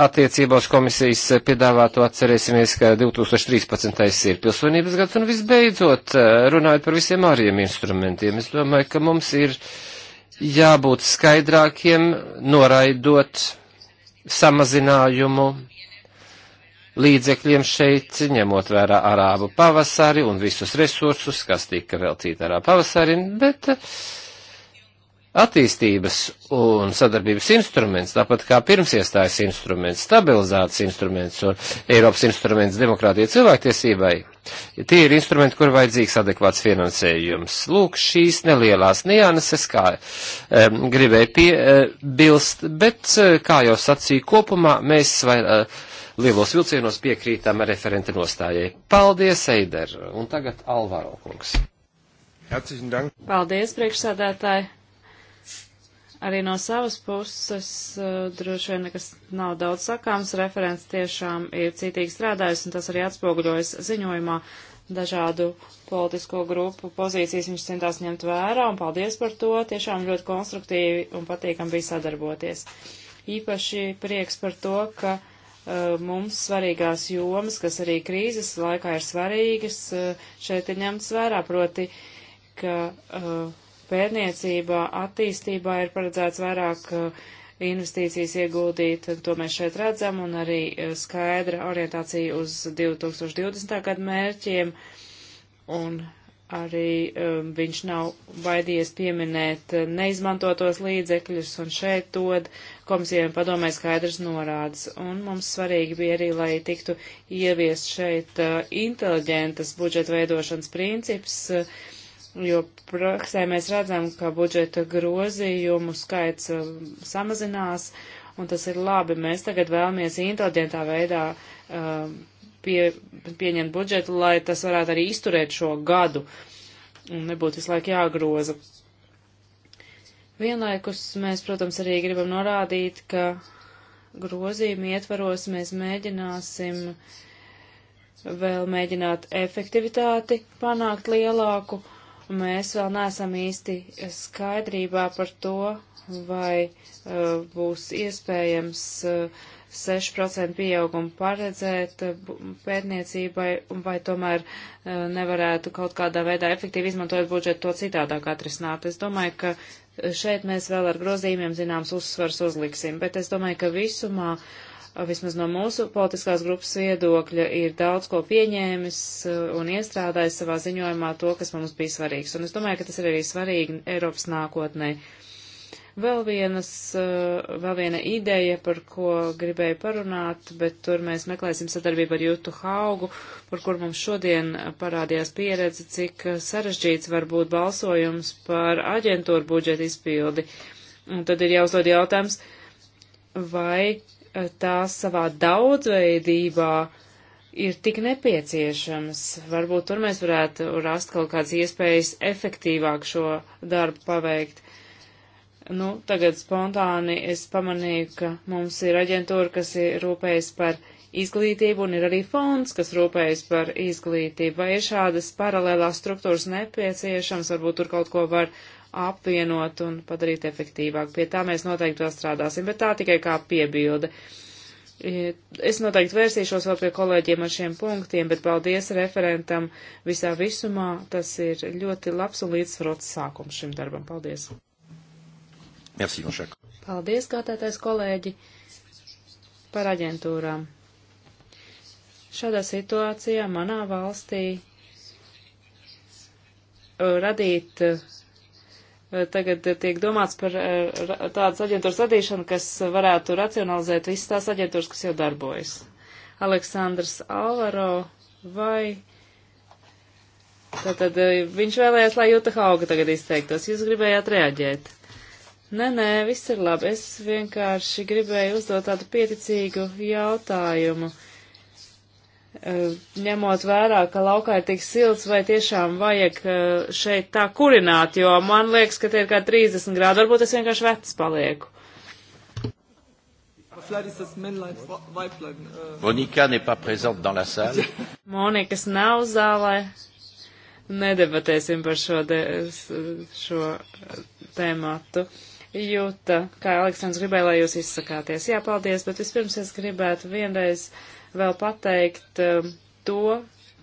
attiecībā uz komisijas piedāvāto atcerēsimies, ka 2013. ir pilsonības gads un visbeidzot uh, runājot par visiem āriem instrumentiem. Es domāju, ka mums ir jābūt skaidrākiem, noraidot samazinājumu līdzekļiem šeit, ņemot vērā arābu pavasari un visus resursus, kas tika veltīti arābu pavasarim, bet uh, attīstības un sadarbības instruments, tāpat kā pirms iestājas instruments, stabilizācijas instruments un Eiropas instruments demokrātija cilvēktiesībai, tie ir instrumenti, kur vajadzīgs adekvāts finansējums. Lūk, šīs nelielās nianses, kā um, gribēju piebilst, eh, uh, bet, uh, kā jau sacīju, kopumā mēs vai, uh, lielos vilcienos piekrītam referenta nostājai. Paldies, Eider, un tagad Alvaro kungs. Paldies, priekšsādātāji! Arī no savas puses uh, droši vien nekas nav daudz sakāms. Referents tiešām ir cītīgi strādājis, un tas arī atspoguļojas ziņojumā dažādu politisko grupu pozīcijas. Viņš centās ņemt vērā, un paldies par to. Tiešām ļoti konstruktīvi un patīkam bija sadarboties. Īpaši prieks par to, ka uh, mums svarīgās jomas, kas arī krīzes laikā ir svarīgas, uh, šeit ir ņemts vērā, proti, ka. Uh, pētniecībā, attīstībā ir paredzēts vairāk uh, investīcijas ieguldīt, to mēs šeit redzam, un arī uh, skaidra orientācija uz 2020. gadu mērķiem, un arī um, viņš nav baidījies pieminēt uh, neizmantotos līdzekļus, un šeit dod komisijiem padomē skaidrs norādes. Un mums svarīgi bija arī, lai tiktu ieviest šeit uh, inteliģentas budžeta veidošanas princips, uh, jo praksē mēs redzam, ka budžeta grozījumu skaits um, samazinās, un tas ir labi. Mēs tagad vēlamies inteliģentā veidā um, pie, pieņemt budžetu, lai tas varētu arī izturēt šo gadu un nebūtu visu laiku jāgroza. Vienlaikus mēs, protams, arī gribam norādīt, ka grozījumu ietvaros mēs mēģināsim vēl mēģināt efektivitāti panākt lielāku Mēs vēl neesam īsti skaidrībā par to, vai uh, būs iespējams uh, 6% pieaugumu paredzēt uh, pētniecībai, vai tomēr uh, nevarētu kaut kādā veidā efektīvi izmantojot budžetu to citādāk atrisināt. Es domāju, ka šeit mēs vēl ar grozījumiem zināms uzsvars uzliksim, bet es domāju, ka visumā vismaz no mūsu politiskās grupas viedokļa, ir daudz ko pieņēmis uh, un iestrādājis savā ziņojumā to, kas mums bija svarīgs. Un es domāju, ka tas ir arī svarīgi Eiropas nākotnē. Vēl, vienas, uh, vēl viena ideja, par ko gribēju parunāt, bet tur mēs meklēsim sadarbību ar Jūtu Haugu, par kur mums šodien parādījās pieredze, cik sarežģīts var būt balsojums par aģentūru budžeta izpildi. Un tad ir jāuzdod jautājums, vai Eh, tās savā daudzveidībā ir tik nepieciešamas. Varbūt tur mēs varētu rast kaut kādas iespējas efektīvāk šo darbu paveikt. Nu, tagad spontāni es pamanīju, ka mums ir aģentūra, kas ir rūpējas par izglītību, un ir arī fonds, kas rūpējas par izglītību. Vai ir šādas paralēlās struktūras nepieciešams, varbūt tur kaut ko var apvienot un padarīt efektīvāk. Pie tā mēs noteikti vēl strādāsim, bet tā tikai kā piebilde. Es noteikti vērsīšos vēl pie kolēģiem ar šiem punktiem, bet paldies referentam visā visumā. Tas ir ļoti labs un līdzsvarots sākums šim darbam. Paldies! Merci, paldies, gātētais kolēģi, par aģentūrām. Šādā situācijā manā valstī uh, radīt uh, Eh, tagad tiek domāts par eh, tādas aģentūras radīšanu, kas varētu racionalizēt visas tās aģentūras, kas jau darbojas. Aleksandrs Alvaro vai. Tātad eh, viņš vēlējās, lai Jūta Hauga tagad izteiktos. Jūs gribējāt reaģēt. Nē, nē, viss ir labi. Es vienkārši gribēju uzdot tādu pieticīgu jautājumu. Uh, Eh, ņemot vērā, ka laukā ir tik silts, vai tiešām vajag eh, šeit tā kurināt, jo man liekas, ka tie ir kā 30 grādi, varbūt es vienkārši vecs palieku. Uh, Monika n'est pas présente dans la salle. Monikas nav zālē. Nedebatēsim par šo, de, šo tēmatu. Jūta, kā Aleksandrs gribēja, lai jūs izsakāties. Jā, paldies, bet vispirms es gribētu vienreiz. Uh, vēl pateikt um, to,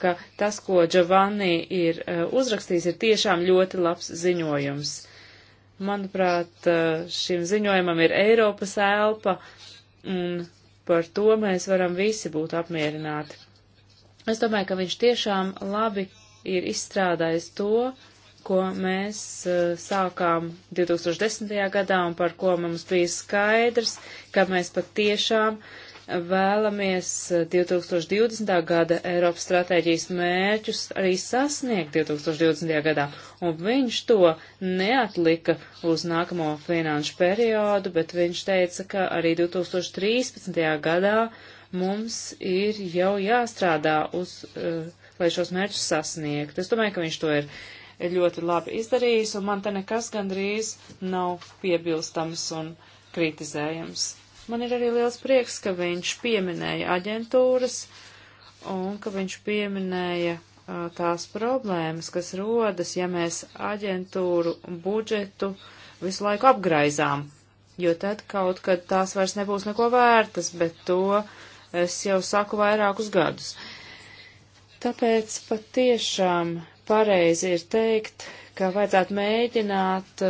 ka tas, ko Giovanni ir uh, uzrakstījis, ir tiešām ļoti labs ziņojums. Manuprāt, uh, šim ziņojumam ir Eiropas elpa, un par to mēs varam visi būt apmierināti. Es domāju, ka viņš tiešām labi ir izstrādājis to, ko mēs uh, sākām 2010. gadā un par ko mums bija skaidrs, ka mēs pat tiešām uh, vēlamies 2020. Eh, gada Eiropas stratēģijas mērķus arī sasniegt 2020. gadā, un viņš to neatlika uz nākamo finanšu periodu, bet viņš teica, ka arī 2013. gadā mums ir jau jāstrādā uz, eh, lai šos mērķus sasniegtu. Es domāju, ka viņš to ir ļoti labi izdarījis, un man te nekas gandrīz nav piebilstams un kritizējams. Man ir arī liels prieks, ka viņš pieminēja aģentūras un ka viņš pieminēja tās problēmas, kas rodas, ja mēs aģentūru budžetu visu laiku apgraizām, jo tad kaut kad tās vairs nebūs neko vērtas, bet to es jau saku vairākus gadus. Tāpēc patiešām pareizi ir teikt, ka vajadzētu mēģināt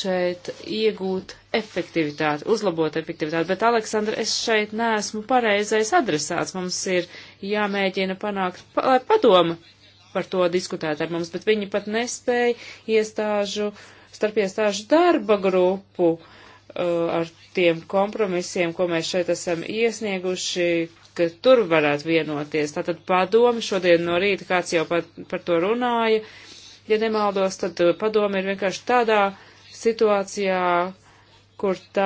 šeit iegūt efektivitāti, uzlabot efektivitāti, bet, Aleksandra, es šeit neesmu pareizais adresāts. Mums ir jāmēģina panākt, pa, lai padoma par to diskutētu ar mums, bet viņi pat nespēja iestāžu, starp iestāžu darba grupu uh, ar tiem kompromisiem, ko mēs šeit esam iesnieguši, ka tur varētu vienoties. Tātad padomi šodien no rīta, kāds jau par, par to runāja, ja nemaldos, tad padomi ir vienkārši tādā situācijā, kur tā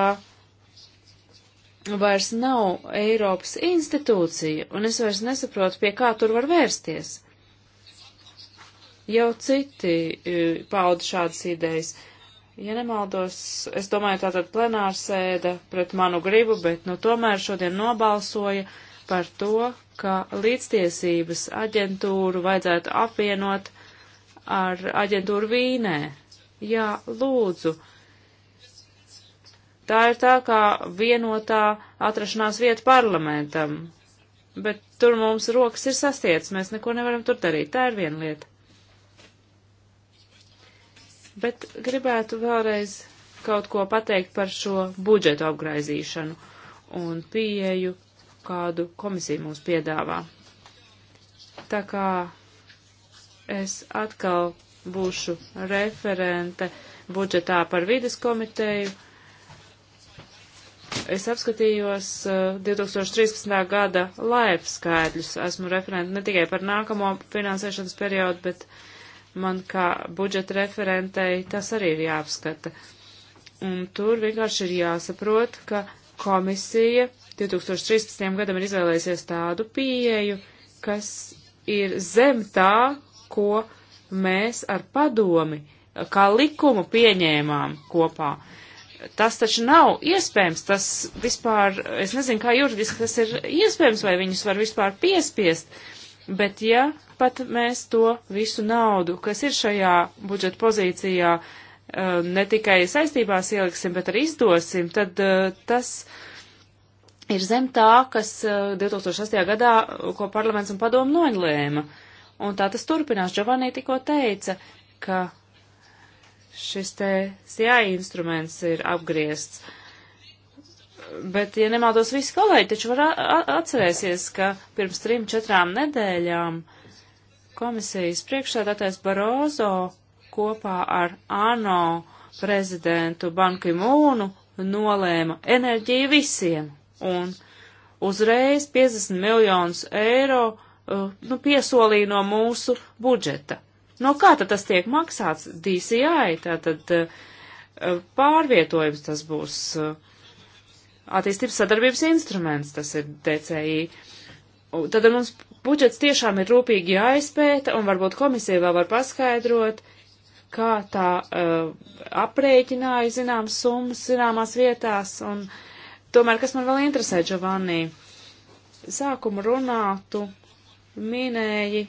vairs nav Eiropas institūcija, un es vairs nesaprotu, pie kā tur var vērsties. Jau citi e, pauda šādas idejas. Ja nemaldos, es domāju, tātad plenārsēda pret manu gribu, bet nu tomēr šodien nobalsoja par to, ka līdztiesības aģentūru vajadzētu apvienot ar aģentūru Vīnē. Jā, lūdzu, uh, Tā ir tā kā vienotā atrašanās vieta parlamentam, bet tur mums rokas ir sastiets, mēs neko nevaram tur darīt, tā ir viena lieta. Bet gribētu vēlreiz kaut ko pateikt par šo budžetu apgraizīšanu un pieeju, kādu komisija mums piedāvā. Tā kā es atkal būšu referente budžetā par vides komiteju Es apskatījos 2013. Eh, gada laipa skaidrus. Esmu referenta ne tikai par nākamo finansēšanas periodu, bet man kā budžeta referentei tas arī ir jāapskata. Un tur vienkārši ir jāsaprot, ka komisija 2013. gadam ir izvēlējusies tādu pieeju, kas ir zem tā, ko mēs ar padomi kā likumu pieņēmām kopā. Uh, Tas taču nav iespējams, tas vispār, es nezinu, kā juridiski tas ir iespējams, vai viņus var vispār piespiest, bet ja pat mēs to visu naudu, kas ir šajā budžeta pozīcijā, eh, ne tikai saistībās ieliksim, bet arī izdosim, tad eh, tas ir zem tā, kas 2008. Eh, gadā, ko parlaments un padomu noņlēma. Un tā tas turpinās. Giovanni tikko teica, ka šis te CIA instruments ir apgriezts. Bet, ja nemaldos, visi kolēģi taču var atcerēsies, ka pirms trim, četrām nedēļām komisijas priekšsēdētājs Barozo kopā ar ANO prezidentu Banki Mūnu nolēma enerģiju visiem un uzreiz 50 miljonus eiro uh, nu, piesolīja no mūsu budžeta. No nu, kā tad tas tiek maksāts? DCI, tātad eh, pārvietojums tas būs eh, attīstības sadarbības instruments, tas ir DCI. Tad mums budžets tiešām ir rūpīgi jāizpēta, un varbūt komisija vēl var paskaidrot, kā tā uh, aprēķināja zināmas summas zināmās vietās, un tomēr, kas man vēl interesē, Giovanni, sākuma runātu minēji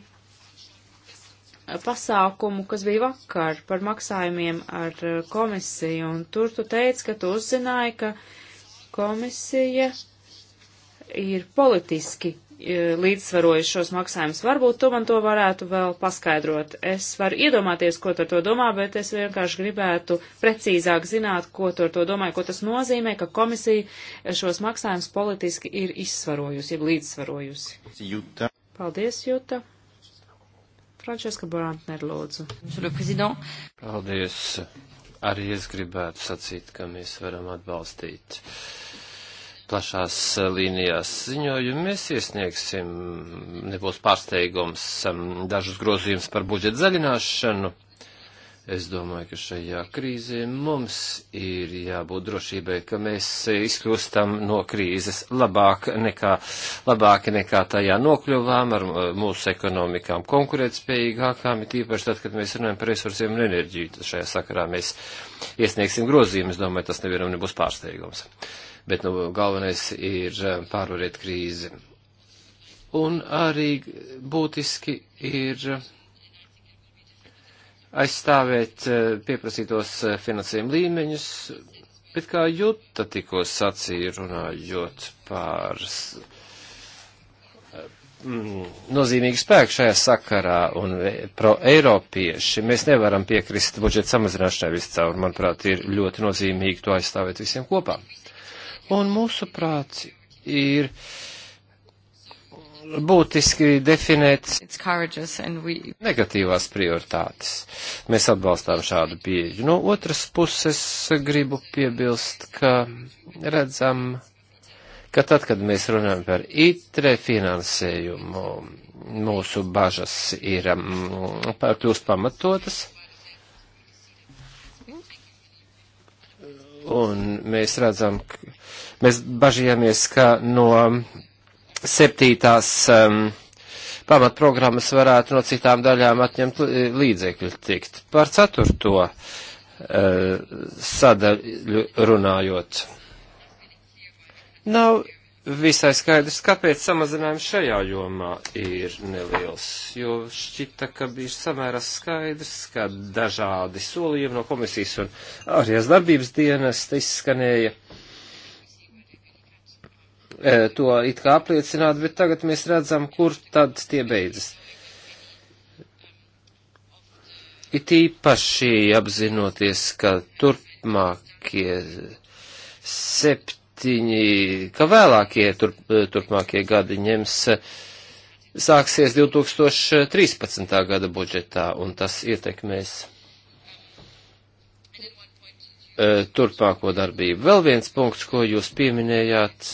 pasākumu, kas bija vakar par maksājumiem ar eh, komisiju, un tur tu teici, ka tu uzzināji, ka komisija ir politiski eh, līdzsvarojuši šos maksājumus. Varbūt tu man to varētu vēl paskaidrot. Es varu iedomāties, ko tu ar to domā, bet es vienkārši gribētu precīzāk zināt, ko tu ar to domāji, ko tas nozīmē, ka komisija šos maksājumus politiski ir izsvarojusi, ir līdzsvarojusi. Juta. Paldies, Juta. Frančiska Brantner, lūdzu. Paldies. Arī es gribētu sacīt, ka mēs varam atbalstīt plašās līnijās ziņojumu. Mēs iesniegsim, nebūs pārsteigums, um, dažus grozījumus par budžeta zaļināšanu Es domāju, ka šajā krīzē mums ir jābūt drošībai, ka mēs izkļūstam no krīzes labāk nekā, labāk nekā tajā nokļuvām ar mūsu ekonomikām konkurētspējīgākām, ir tīpaši tad, kad mēs runājam par resursiem un enerģiju. Šajā sakarā mēs iesniegsim grozījumus, domāju, tas nevienam nebūs pārsteigums. Bet nu, galvenais ir eh, pārvarēt krīzi. Un arī būtiski ir aizstāvēt eh, pieprasītos eh, finansējuma līmeņus, bet kā Juta tikko sacīja runājot par eh, mm, nozīmīgu spēku šajā sakarā un e, pro eiropieši, mēs nevaram piekrist budžeta samazināšanai viscaur, manuprāt, ir ļoti nozīmīgi to aizstāvēt visiem kopā. Un mūsu prāts ir uh, būtiski definēt negatīvās prioritātes. Mēs atbalstām šādu pieeju. No otras puses gribu piebilst, ka redzam, ka tad, kad mēs runājam par itre finansējumu, mūsu bažas ir kļūst mm, pamatotas. Un mēs redzam, mēs bažījāmies, ka no septītās um, pamatprogrammas varētu no citām daļām atņemt līdzekļu tikt. Par ceturto uh, sadaļu runājot. Nav visai skaidrs, kāpēc samazinājums šajā jomā ir neliels, jo šķita, ka bija samērā skaidrs, ka dažādi solījumi no komisijas un arī darbības dienas izskanēja. Uh, E, to it kā apliecināt, bet tagad mēs redzam, kur tad tie beidzas. It īpaši apzinoties, ka turpmākie septiņi, ka vēlākie turp, e, turpmākie gadi ņems e, sāksies 2013. gada budžetā, un tas ietekmēs turpmāko darbību. Vēl viens punkts, ko jūs pieminējāt,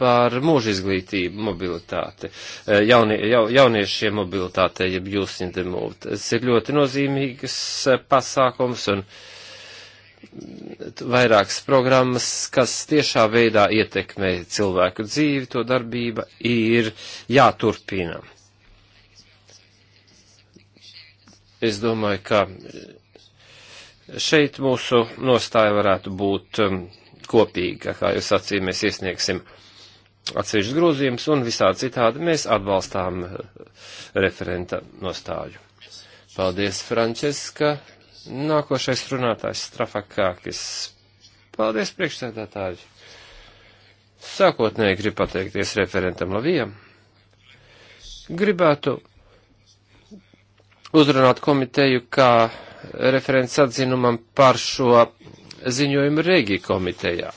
par mūža izglītību, mobilitāti, e, jaunie, ja, jauniešiem mobilitāte, jeb jūs indemūt. Tas ir ļoti nozīmīgs e, pasākums un vairākas programmas, kas tiešā veidā ietekmē cilvēku dzīvi, to darbība ir jāturpina. Es domāju, ka šeit mūsu nostāja varētu būt um, kopīga, kā jūs sacījāt, mēs iesniegsim uh, atsevišķus grozījumus un visā citādi mēs atbalstām eh, referenta nostāju. Paldies, Frančeska. Nākošais runātājs Strafakākis. Paldies, priekšsēdētāji. Sākotnēji gribu pateikties referentam Lavijam. Gribētu uzrunāt komiteju kā referents atzinumam par šo ziņojumu Rēgī komitejā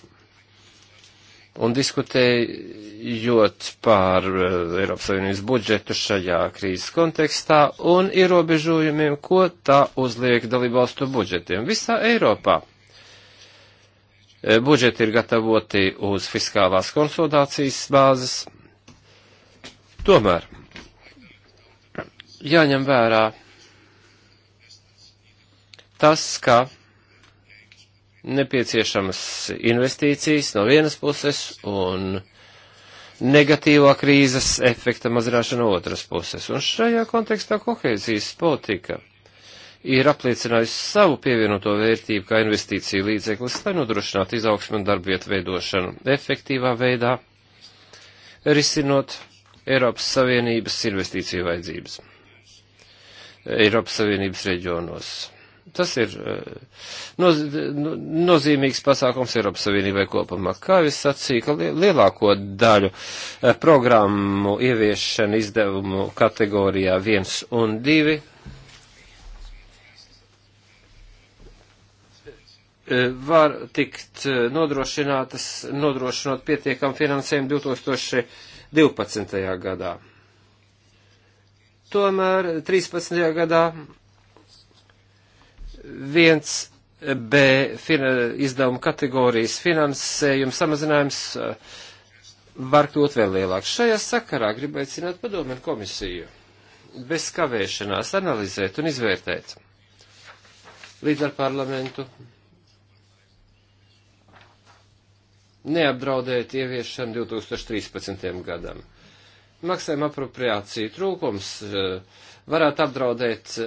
un diskutējot par eh, Eiropas Savienības budžetu šajā krīzes kontekstā un ierobežojumiem, ko tā uzliek dalībvalstu budžetiem visā Eiropā. Eh, budžeti ir gatavoti uz fiskālās konsolidācijas bāzes. Tomēr jāņem vērā tas, ka nepieciešamas investīcijas no vienas puses un negatīvā krīzes efekta mazināšana no otras puses. Un šajā kontekstā kohēzijas politika ir apliecinājusi savu pievienoto vērtību kā investīciju līdzeklis, lai nodrošinātu izaugsmu un darbvietu veidošanu efektīvā veidā, risinot Eiropas Savienības investīciju vajadzības Eiropas Savienības reģionos. Tas ir eh, noz, nu, nozīmīgs pasākums Eiropas Savienībai kopumā. Kā es sacīju, ka lielāko daļu eh, programmu ieviešana izdevumu kategorijā 1 un 2 eh, var tikt nodrošinātas, nodrošinot pietiekam finansējumu 2012. gadā. Tomēr 13. gadā viens B izdevuma kategorijas finansējuma samazinājums eh, var kļūt vēl lielāks. Šajā sakarā gribu aicināt padomēt komisiju bez kavēšanās analizēt un izvērtēt līdz ar parlamentu, neapdraudēt ieviešanu 2013. gadam. Maksājuma apropriācija trūkums eh, varētu apdraudēt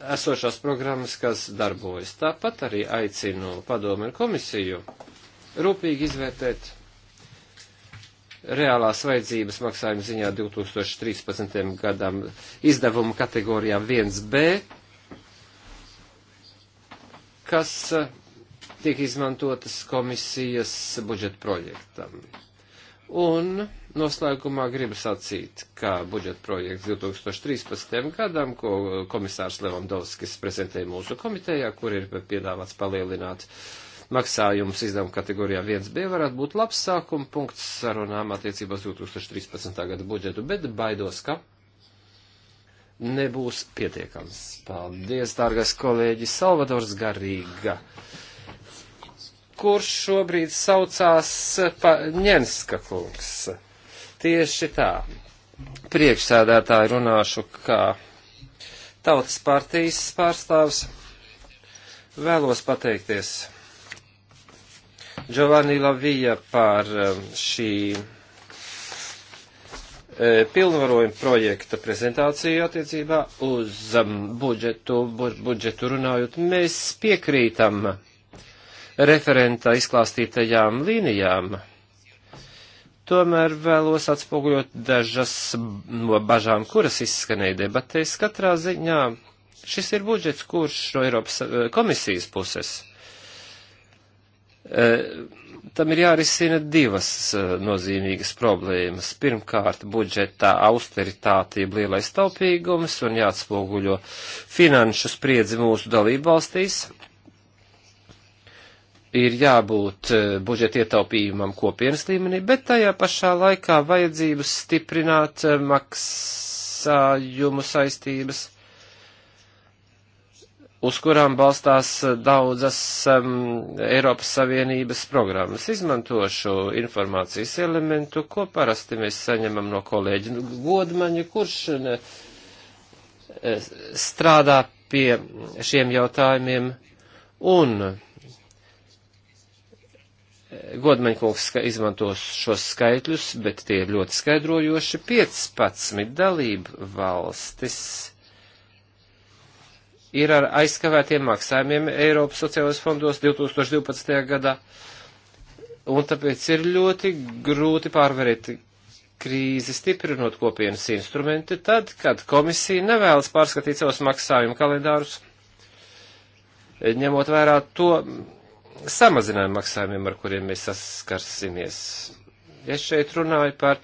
esošās programmas, kas darbojas. Tāpat arī aicinu padomu un komisiju rūpīgi izvērtēt reālās vajadzības maksājuma ziņā 2013. gadam izdevumu kategorijā 1B, kas eh, tiek izmantotas komisijas budžeta projektam. Un Noslēgumā gribu sacīt, ka budžeta projekts 2013. gadam, ko komisārs Levandovskis prezentēja mūsu komitejā, kur ir piedāvāts palielināt maksājumus izdevuma kategorijā 1B, varētu būt labs sākuma punkts sarunām attiecībās 2013. gada budžetu, bet baidos, ka nebūs pietiekams. Paldies, dārgais kolēģis Salvadors Garīga kurš šobrīd saucās pa Ņenska kungs. Tieši tā. Priekšsēdētāji runāšu kā tautas partijas pārstāvs. Vēlos pateikties Giovanni Lavija par um, šī e, pilnvarojuma projekta prezentāciju attiecībā uz um, budžetu, budžetu runājot. Mēs piekrītam referenta izklāstītajām līnijām Tomēr vēlos atspoguļot dažas no bažām, kuras izskanēja debatēs. Katrā ziņā šis ir budžets, kurš no Eiropas eh, komisijas puses. E, tam ir jārisina divas eh, nozīmīgas problēmas. Pirmkārt, budžetā austeritāte ir lielais taupīgums un jāatspoguļo finanšu spriedzi mūsu dalībvalstīs. valstīs ir jābūt eh, budžeta ietaupījumam kopienas līmenī, bet tajā pašā laikā vajadzības stiprināt eh, maksājumu saistības, uz kurām balstās eh, daudzas um, Eiropas Savienības programmas. Izmantošu informācijas elementu, ko parasti mēs saņemam no kolēģi Godmaņa, kurš ne, strādā pie šiem jautājumiem un Godmaņkungs izmantos šos skaitļus, bet tie ir ļoti skaidrojoši. 15 dalību valstis ir ar aizskavētiem maksājumiem Eiropas sociālajos fondos 2012. gadā, un tāpēc ir ļoti grūti pārvarēt krīzi, stiprinot kopienas instrumenti, tad, kad komisija nevēlas pārskatīt savus maksājumu kalendārus, ņemot vērā to samazinājumu maksājumiem, ar kuriem mēs saskarsimies. Es šeit runāju par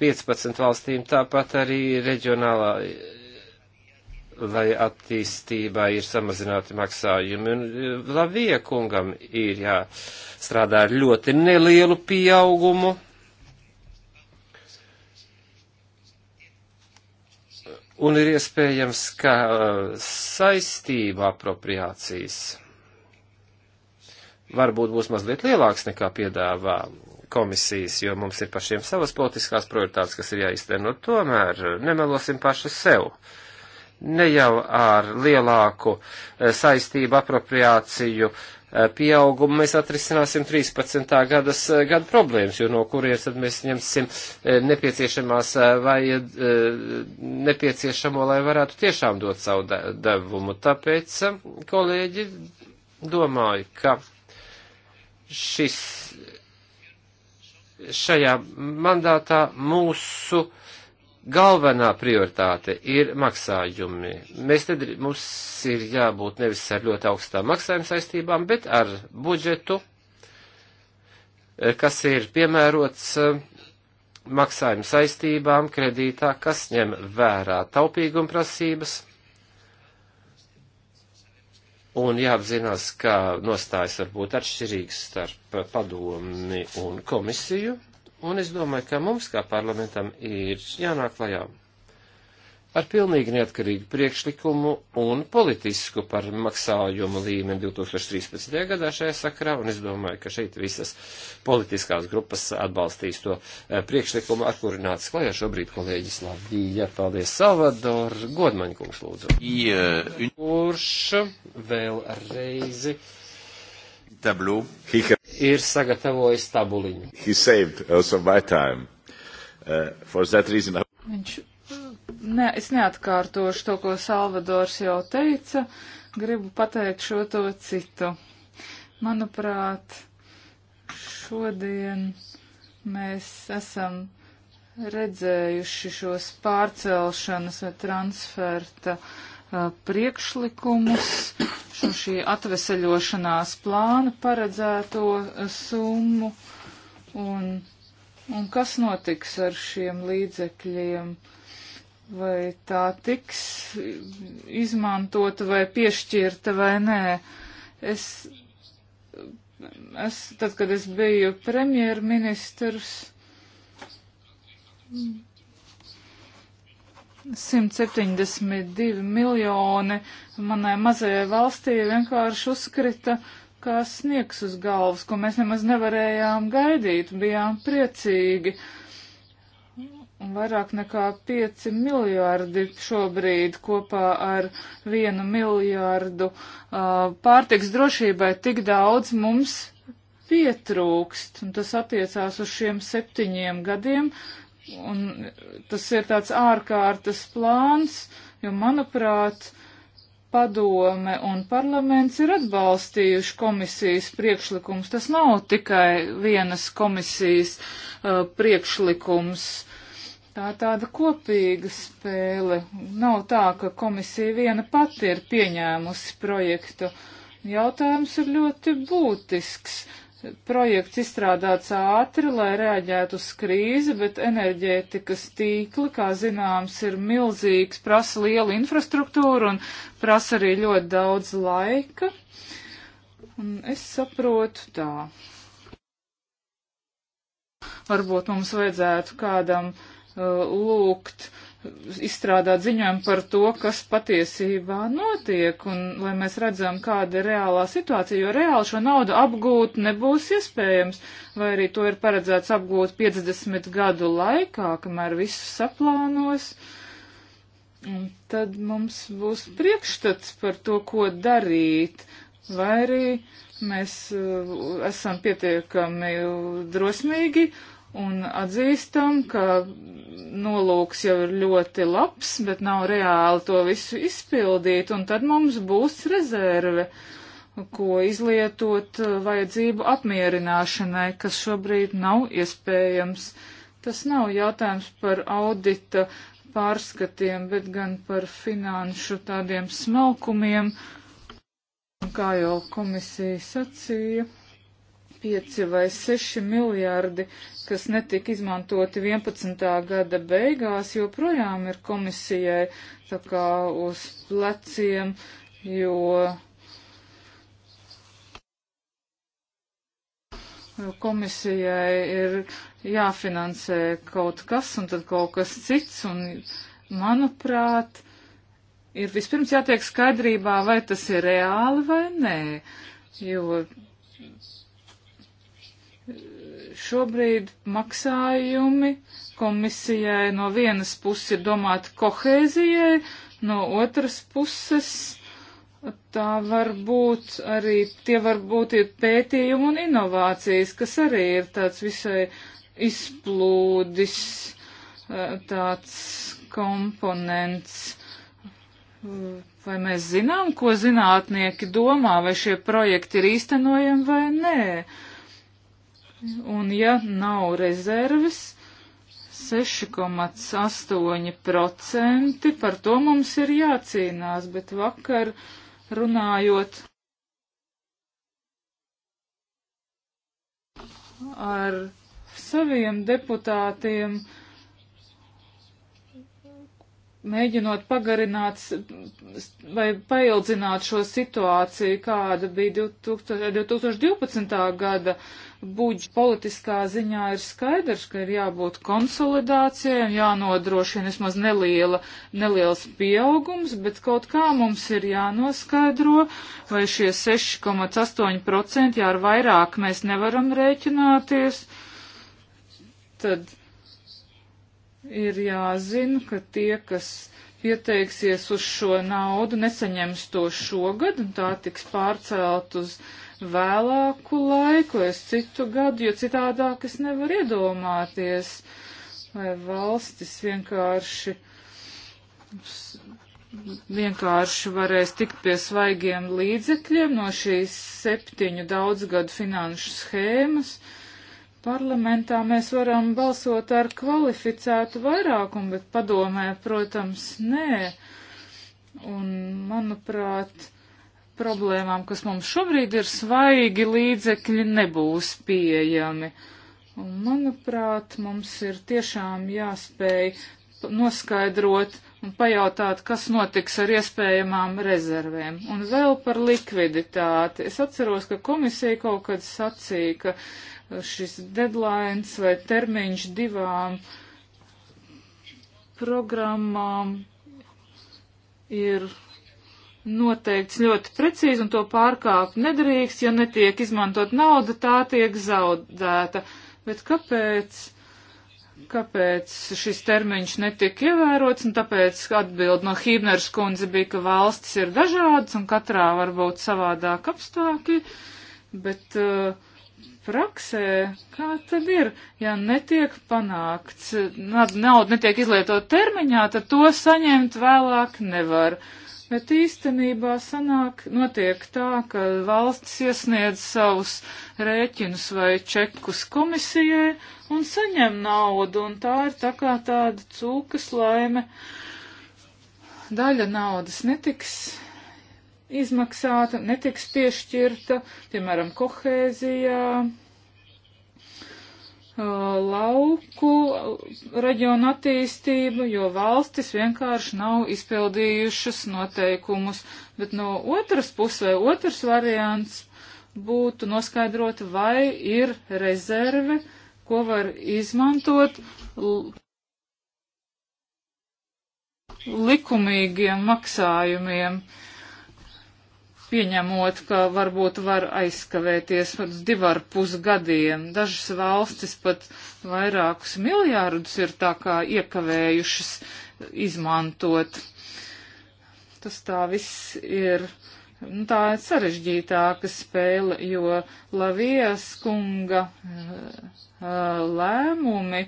15 valstīm, tāpat arī reģionālā lai attīstībā ir samazināti maksājumi. Un e, Lavija kungam ir jāstrādā ar ļoti nelielu pieaugumu. Un ir iespējams, ka e, saistība apropriācijas varbūt būs mazliet lielāks nekā piedāvā komisijas, jo mums ir pašiem savas politiskās prioritātes, kas ir jāizteno. Tomēr nemelosim paši sev. Ne jau ar lielāku eh, saistību apropriāciju eh, pieaugumu mēs atrisināsim 13. gadas gada problēmas, jo no kurienes tad mēs ņemsim eh, nepieciešamās vai nepieciešamo, lai varētu tiešām dot savu devumu. Tāpēc, kolēģi, domāju, ka šis, šajā mandātā mūsu galvenā prioritāte ir maksājumi. Mēs tad, mums ir jābūt nevis ar ļoti augstām maksājuma saistībām, bet ar budžetu, kas ir piemērots eh, maksājuma saistībām kredītā, kas ņem vērā taupīguma prasības un jāapzinās, ka nostājas var būt atšķirīgas starp padomi un komisiju, un es domāju, ka mums kā parlamentam ir jānāk klajā ar pilnīgi neatkarīgu priekšlikumu un politisku par maksājumu līmeni 2013. gadā šajā sakarā, un es domāju, ka šeit visas politiskās grupas atbalstīs to eh, priekšlikumu, ar kuru nāca klajā šobrīd kolēģis Lavija. Paldies, Salvador, godmaņkungs lūdzu. Kurš vēl reizi tablu. Ir sagatavojis tabuliņu. He saved also my time. Uh, for that reason. Viņš ne, es neatkārtošu to, ko Salvadors jau teica, gribu pateikt šo to citu. Manuprāt, šodien mēs esam redzējuši šos pārcelšanas vai transferta uh, priekšlikumus, šo šī atveseļošanās plāna paredzēto summu un, un kas notiks ar šiem līdzekļiem. Uh, vai tā tiks izmantota vai piešķirta vai nē. Es, es tad, kad es biju premjerministrs, 172 miljoni manai mazajai valstī vienkārši uzkrita kā sniegs uz galvas, ko mēs nemaz nevarējām gaidīt, bijām priecīgi. Uh, Un vairāk nekā 5 miljārdi šobrīd kopā ar 1 miljārdu uh, pārtiks drošībai tik daudz mums pietrūkst. Un tas attiecās uz šiem septiņiem gadiem. Un tas ir tāds ārkārtas plāns, jo, manuprāt, padome un parlaments ir atbalstījuši komisijas priekšlikums. Tas nav tikai vienas komisijas uh, priekšlikums Tā tāda kopīga spēle. Nav tā, ka komisija viena pati ir pieņēmusi projektu. Jautājums ir ļoti būtisks. Projekts izstrādāts ātri, lai reaģētu uz krīzi, bet enerģētikas tīkli, kā zināms, ir milzīgs, prasa lielu infrastruktūru un prasa arī ļoti daudz laika. Un es saprotu tā. Varbūt mums vajadzētu kādam uh, Uh, lūgt izstrādāt ziņojumu par to, kas patiesībā notiek, un lai mēs redzam, kāda ir reālā situācija, jo reāli šo naudu apgūt nebūs iespējams, vai arī to ir paredzēts apgūt 50 gadu laikā, kamēr visu saplānos. Un tad mums būs priekšstats par to, ko darīt, vai arī mēs uh, esam pietiekami drosmīgi un atzīstam, ka nolūks jau ir ļoti labs, bet nav reāli to visu izpildīt, un tad mums būs rezerve, ko izlietot uh, vajadzību apmierināšanai, kas šobrīd nav iespējams. Tas nav jautājums par audita pārskatiem, bet gan par finanšu tādiem smalkumiem, kā jau komisija sacīja. 5 vai 6 miljārdi, kas netika izmantoti 11. gada beigās, joprojām ir komisijai tā kā uz pleciem, jo komisijai ir jāfinansē kaut kas un tad kaut kas cits, un manuprāt, ir vispirms jātiek skaidrībā, vai tas ir reāli vai nē, jo šobrīd maksājumi komisijai no vienas puses ir domāti kohēzijai, no otras puses tā var būt arī, tie var būt ir pētījumi un inovācijas, kas arī ir tāds visai izplūdis, eh, tāds komponents. Vai mēs zinām, ko zinātnieki domā, vai šie projekti ir īstenojami vai nē? Uh, un ja nav rezerves, 6,8%, par to mums ir jācīnās, bet vakar runājot ar saviem deputātiem, mēģinot pagarināt vai paildzināt šo situāciju, kāda bija 2012. Eh, gada budž politiskā ziņā ir skaidrs, ka ir jābūt konsolidācijai un jānodrošina vismaz neliela, neliels pieaugums, bet kaut kā mums ir jānoskaidro, vai šie 6,8% jā, ar vairāk mēs nevaram rēķināties. Tad ir jāzina, ka tie, kas pieteiksies uz šo naudu, nesaņems to šogad, un tā tiks pārcelt uz vēlāku laiku, es citu gadu, jo citādāk es nevaru iedomāties, vai valstis vienkārši, vienkārši varēs tikt pie svaigiem līdzekļiem no šīs septiņu daudzgadu finanšu schēmas. Parlamentā mēs varam balsot ar kvalificētu vairākumu, bet padomē, protams, nē. Un, manuprāt, problēmām, kas mums šobrīd ir svaigi, līdzekļi nebūs pieejami. Un, manuprāt, mums ir tiešām jāspēj noskaidrot un pajautāt, kas notiks ar iespējamām rezervēm. Un vēl par likviditāti. Es atceros, ka komisija kaut kad sacīja, ka šis deadlines vai termiņš divām programmām ir noteikts ļoti precīzi un to pārkāpt nedrīkst, ja netiek izmantot nauda, tā tiek zaudēta. Bet kāpēc, kāpēc šis termiņš netika ievērots un tāpēc atbild no Hībners kundze bija, ka valstis ir dažādas un katrā var būt savādāk apstākļi, bet uh, praksē, kā tad ir, ja netiek panākts, nauda netiek izlietot termiņā, tad to saņemt vēlāk nevar. Uh, Bet īstenībā sanāk, notiek tā, ka valsts iesniedz savus rēķinus vai čekus komisijai un saņem naudu, un tā ir tā kā tāda cūkas laime. Daļa naudas netiks izmaksāta, netiks piešķirta, piemēram, kohēzijā, lauku reģionu attīstību, jo valstis vienkārši nav izpildījušas noteikumus. Bet no otras puses vai otrs variants būtu noskaidrot, vai ir rezerve, ko var izmantot likumīgiem maksājumiem. Uh, pieņemot, ka varbūt var aizskavēties uz divu ar pus gadiem. Dažas valstis pat vairākus miljārdus ir tā kā iekavējušas izmantot. Tas tā viss ir. Nu, tā ir sarežģītāka spēle, jo Lavijas kunga uh, lēmumi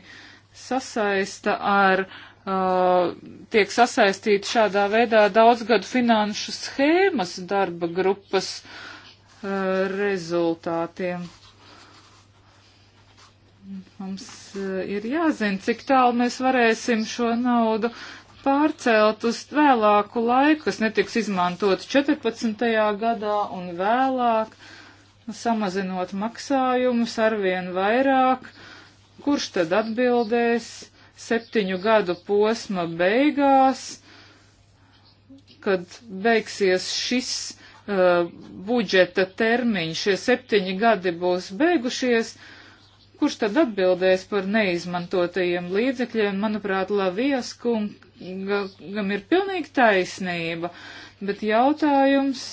sasaista ar uh, uh, tiek sasaistīti šādā veidā daudzgadu finanšu schēmas darba grupas uh, rezultātiem. Mums uh, ir jāzina, cik tālu mēs varēsim šo naudu pārcelt uz vēlāku laiku, kas netiks izmantot 14. gadā un vēlāk, samazinot maksājumus arvien vairāk. Kurš tad atbildēs? septiņu gadu posma beigās, kad beigsies šis uh, budžeta termiņš, šie septiņi gadi būs beigušies, kurš tad atbildēs par neizmantotajiem līdzekļiem? Manuprāt, Lavijas kungam ir pilnīgi taisnība, bet jautājums.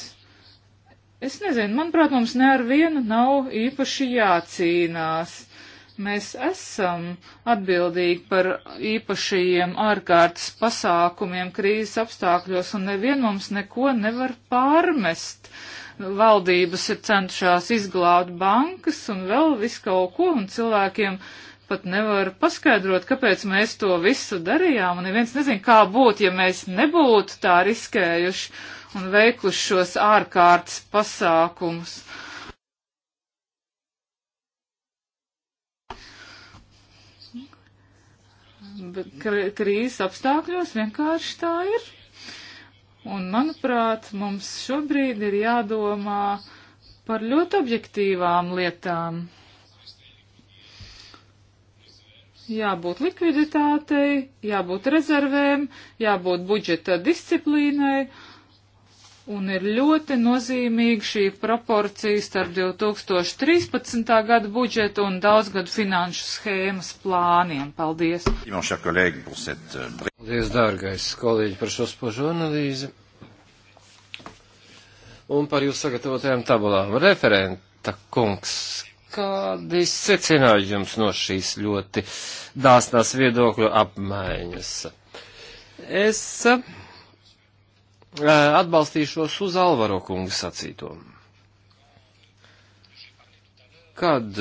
Es nezinu, manuprāt, mums ne ar vienu nav īpaši jācīnās Mēs esam atbildīgi par īpašajiem ārkārtas pasākumiem krīzes apstākļos, un nevien mums neko nevar pārmest. Valdības ir centušās izglābt bankas un vēl visu kaut ko, un cilvēkiem pat nevar paskaidrot, kāpēc mēs to visu darījām, un neviens nezin, kā būtu, ja mēs nebūtu tā riskējuši un veikuši šos ārkārtas pasākumus. Uh, krīzes apstākļos vienkārši tā ir. Un, manuprāt, mums šobrīd ir jādomā par ļoti objektīvām lietām. Jābūt likviditātei, jābūt rezervēm, jābūt budžeta disciplīnai Un ir ļoti nozīmīga šī proporcija starp 2013. gada budžetu un daudzgadu finanšu schēmas plāniem. Paldies! Euh, Paldies, dārgais kolēģi, par šo spožu analīzi un par jūsu sagatavotajām tabulām. Referenta kungs, kādi secinājums no šīs ļoti dāsnās viedokļu apmaiņas? Es atbalstīšos uz Alvaro kungu sacīto. Kad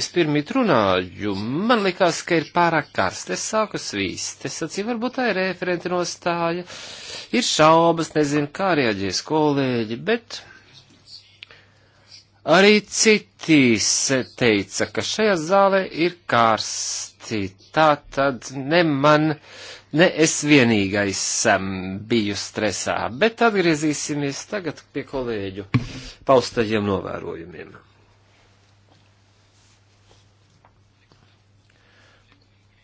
es pirmīt runāju, man likās, ka ir pārāk karsts, es sāku svīst, es sacīju, varbūt tā ir referenti nostāja, ir šaubas, nezinu, kā rieģies kolēģi, bet Arī citīs teica, ka šajā zālē ir kārsti. Tā tad ne man, ne es vienīgais um, biju stresā, bet atgriezīsimies tagad pie kolēģu paustajiem novērojumiem.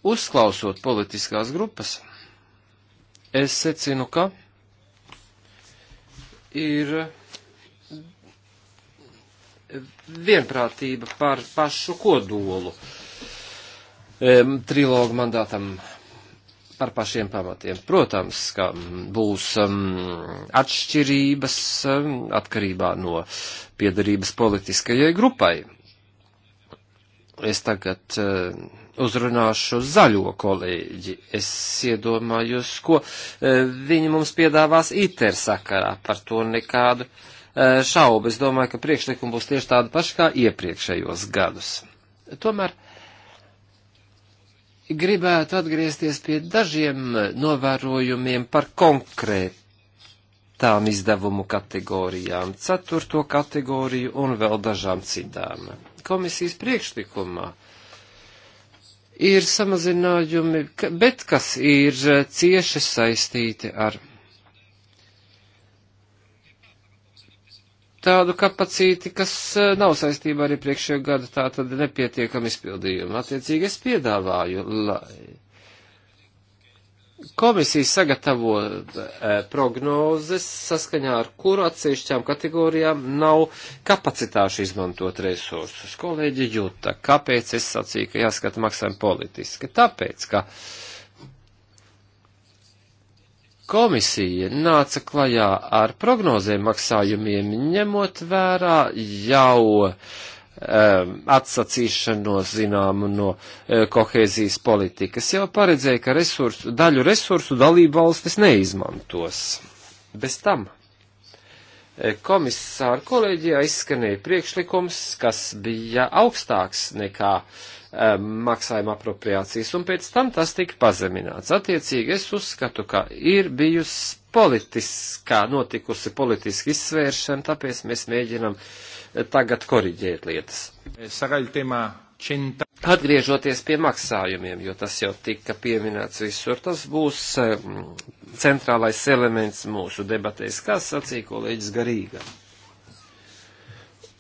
Uzklausot politiskās grupas, es secinu, ka ir vienprātība par pašu kodolu um, trilogu mandātam par pašiem pamatiem. Protams, ka būs um, atšķirības um, atkarībā no piedarības politiskajai grupai. Es tagad uh, uzrunāšu zaļo kolēģi. Es iedomājos, ko uh, viņi mums piedāvās ITER sakarā. Par to nekādu uh, Eh, šaubu. Es domāju, ka priekšlikumi būs tieši tādi paši kā iepriekšējos gadus. Tomēr gribētu atgriezties pie dažiem novērojumiem par konkrētu tām izdevumu kategorijām, ceturto kategoriju un vēl dažām citām. Komisijas priekšlikumā ir samazinājumi, bet kas ir cieši saistīti ar tādu kapacīti, kas eh, nav saistībā ar iepriekšējo gadu, tā tad nepietiekam izpildījumu. Attiecīgi es piedāvāju, lai komisija sagatavo eh, prognozes, saskaņā ar kuru atsevišķām kategorijām nav kapacitāšu izmantot resursus. Kolēģi jūta, kāpēc es sacīju, ka jāskata maksājumi politiski? Tāpēc, ka. Uh, komisija nāca klajā ar prognozēm maksājumiem, ņemot vērā jau um, atsacīšanos zināmu no uh, kohēzijas politikas, jau paredzēja, ka resursu, daļu resursu dalību valstis neizmantos. Bez tam komisāru kolēģijā izskanēja priekšlikums, kas bija augstāks nekā um, maksājuma apropriācijas, un pēc tam tas tika pazemināts. Attiecīgi es uzskatu, ka ir bijusi politiskā, notikusi politiska izsvēršana, tāpēc mēs mēģinam eh, tagad koriģēt lietas. Atgriežoties pie maksājumiem, jo tas jau tika pieminēts visur, tas būs mm, centrālais elements mūsu debatēs, kā sacīja kolēģis Garīga.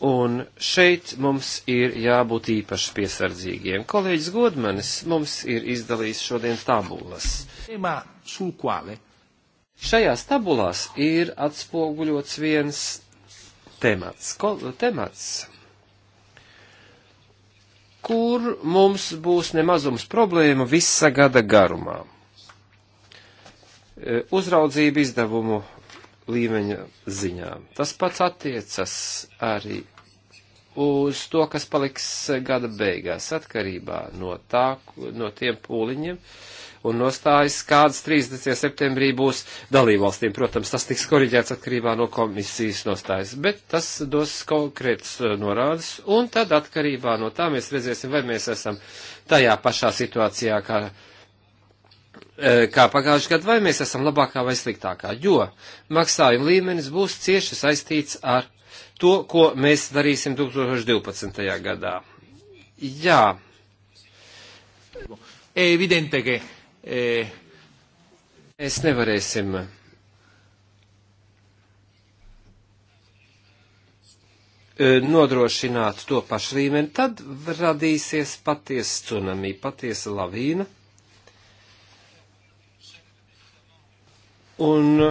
Un šeit mums ir jābūt īpaši piesardzīgiem. Kolēģis Godmanis mums ir izdalījis šodien tabulas. Šajās tabulās ir atspoguļots viens temats. Ko, temats kur mums būs nemazums problēma visa gada garumā. E, Uzraudzība izdevumu līmeņa ziņā. Tas pats attiecas arī uz to, kas paliks gada beigās, atkarībā no, tā, no tiem pūliņiem, uh, un nostājas, kādas 30. septembrī būs dalībvalstīm. Protams, tas tiks koriģēts atkarībā no komisijas nostājas, bet tas dos konkrētas eh, norādes, un tad atkarībā no tā mēs redzēsim, vai mēs esam tajā pašā situācijā, kā, eh, kā pagājuši gadu, vai mēs esam labākā vai sliktākā, jo maksājuma līmenis būs cieši saistīts ar to, ko mēs darīsim 2012. gadā. Jā. È evidente che E, mēs nevarēsim e, nodrošināt to pašu līmeni, tad radīsies patiesa tsunami, patiesa lavīna. Un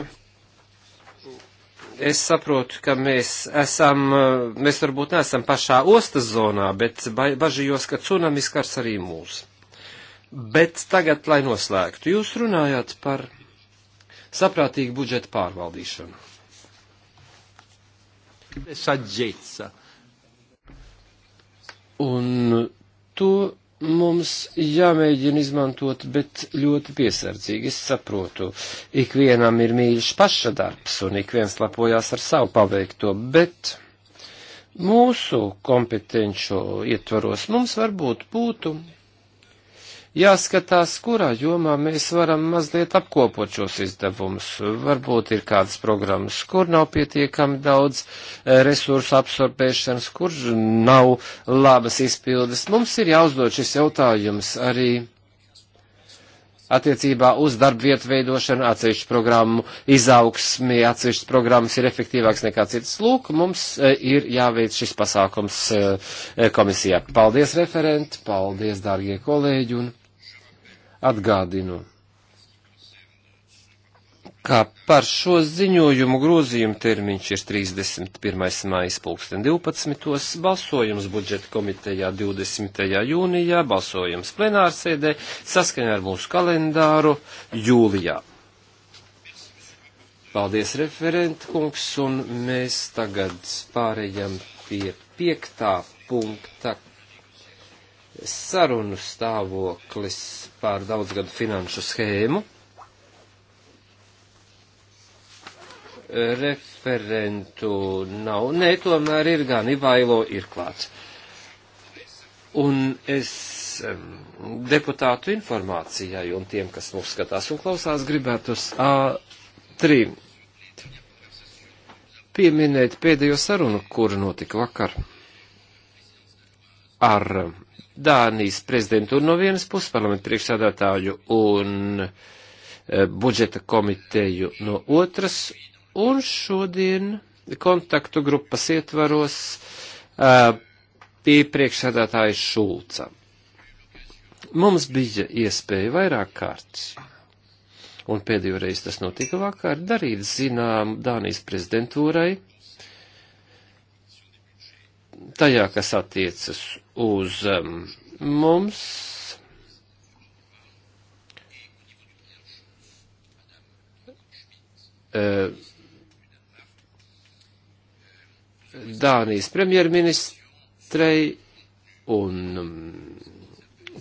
es saprotu, ka mēs esam, mēs varbūt neesam pašā ostas zonā, bet bažījos, ka tsunami skars arī mūsu. Bet tagad, lai noslēgtu, jūs runājāt par saprātīgu budžeta pārvaldīšanu. Saģēca. Un to mums jāmēģina izmantot, bet ļoti piesardzīgi. Es saprotu, ikvienam ir mīļš paša darbs, un ik viens lapojās ar savu paveikto, bet mūsu kompetenču ietvaros mums varbūt būtu jāskatās, kurā jomā mēs varam mazliet apkopot šos izdevumus. Varbūt ir kādas programmas, kur nav pietiekami daudz eh, resursu absorbēšanas, kur nav labas izpildes. Mums ir jāuzdod šis jautājums arī attiecībā uz darbvietu veidošanu, atsevišķu programmu izaugsmi, atsevišķas programmas ir efektīvāks nekā citas. Lūk, mums eh, ir jāveic šis pasākums eh, komisijā. Paldies, referenti, paldies, dārgie kolēģi, un Atgādinu, ka par šo ziņojumu grozījumu termiņš ir 31. mājas pulksten 12. balsojums budžeta komitejā 20. jūnijā, balsojums plenārsēdē saskaņā ar mūsu kalendāru jūlijā. Paldies, referent kungs, un mēs tagad pārējam pie piektā punkta, sarunu stāvoklis pār daudzgadu finanšu schēmu. Referentu nav. Nē, tomēr ir gan Ivailo ir klāts. Un es deputātu informācijai un tiem, kas mūs skatās un klausās, gribētu uz A3 pieminēt pēdējo sarunu, kura notika vakar ar Dānijas prezidentu un no vienas puses parlamentu priekšsādātāju un e, budžeta komiteju no otras, un šodien kontaktu grupas ietvaros pie e, priekšsādātāja Šulca. Mums bija iespēja vairāk kārtas, un pēdējo reizi tas notika vakar, darīt zinām Dānijas prezidentūrai, tajā, kas attiecas uz um, mums. Uh, Dānijas premjerministrei un um,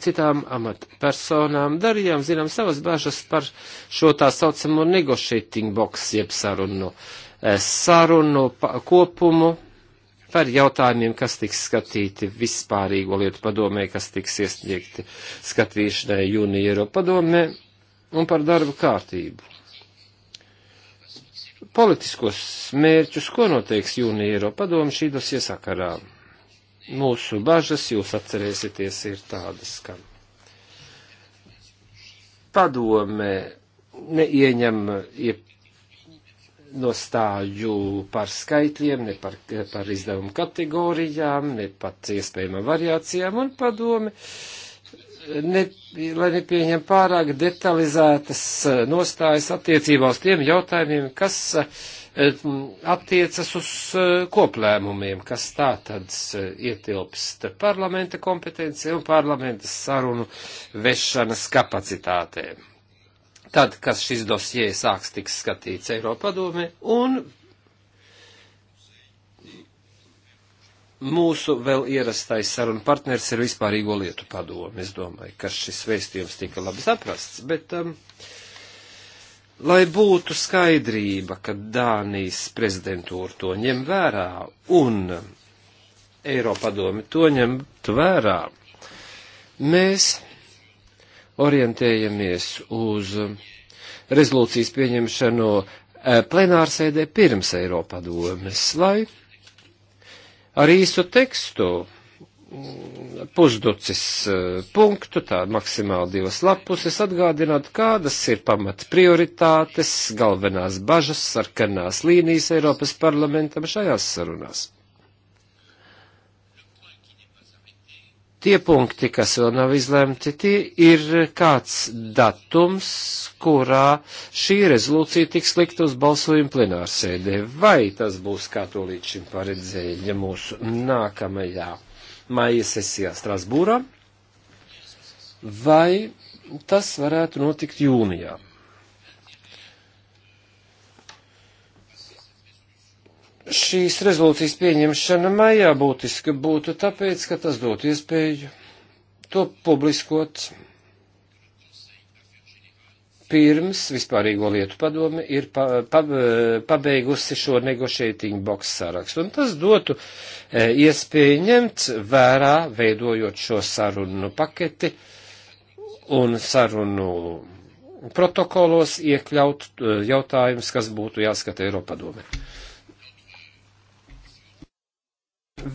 citām amatpersonām darījām, zinām, savas bažas par šo tā saucamo negotiating box, jeb sarunu, eh, sarunu kopumu, par jautājumiem, kas tiks skatīti vispārīgo lietu padomē, kas tiks iesniegti skatīšanai jūnija Eiropa padomē un par darbu kārtību. Politiskos mērķus, ko noteiks jūnija Eiropa padomu šī dosie sakarā? Mūsu bažas, jūs atcerēsieties, ir tādas, ka padome neieņem, ja nostāju par skaitļiem, ne par, par izdevumu kategorijām, ne pat iespējamām variācijām un padomi, ne, lai nepieņem pārāk detalizētas eh, nostājas attiecībā uz tiem jautājumiem, kas eh, attiecas uz eh, koplēmumiem, kas tā tad ietilpst parlamenta kompetencija un parlamenta sarunu vešanas kapacitātēm tad, kad šis dosie sāks tiks skatīts Eiropadomē, un mūsu vēl ierastais saruna partners ir vispārīgo lietu padome. Es domāju, ka šis vēstījums tika labi saprasts, bet, um, lai būtu skaidrība, ka Dānijas prezidentūra to ņem vērā un Eiropadome to ņem vērā, mēs orientējamies uz rezolūcijas pieņemšanu eh, plenārsēdē pirms Eiropadomes, lai ar īsu tekstu mm, pusducis eh, punktu, tā maksimāli divas lapuses, atgādināt, kādas ir pamat prioritātes, galvenās bažas, sarkanās līnijas Eiropas parlamentam šajās sarunās. Tie punkti, kas vēl nav izlemti, tie ir kāds datums, kurā šī rezolūcija tiks likt uz balsojumu plenārsēdē. Vai tas būs, kā to līdz šim paredzēja mūsu nākamajā maija sesijā Strasbūrā, vai tas varētu notikt jūnijā? šīs rezolūcijas pieņemšana maijā būtiska būtu tāpēc, ka tas dotu iespēju to publiskot pirms vispārīgo lietu padome ir pa, pa, pabeigusi šo negošētiņu boks sarakstu. Un tas dotu e, iespēju ņemt vērā, veidojot šo sarunu paketi un sarunu protokolos iekļaut e, jautājumus, kas būtu jāskata Eiropa padome.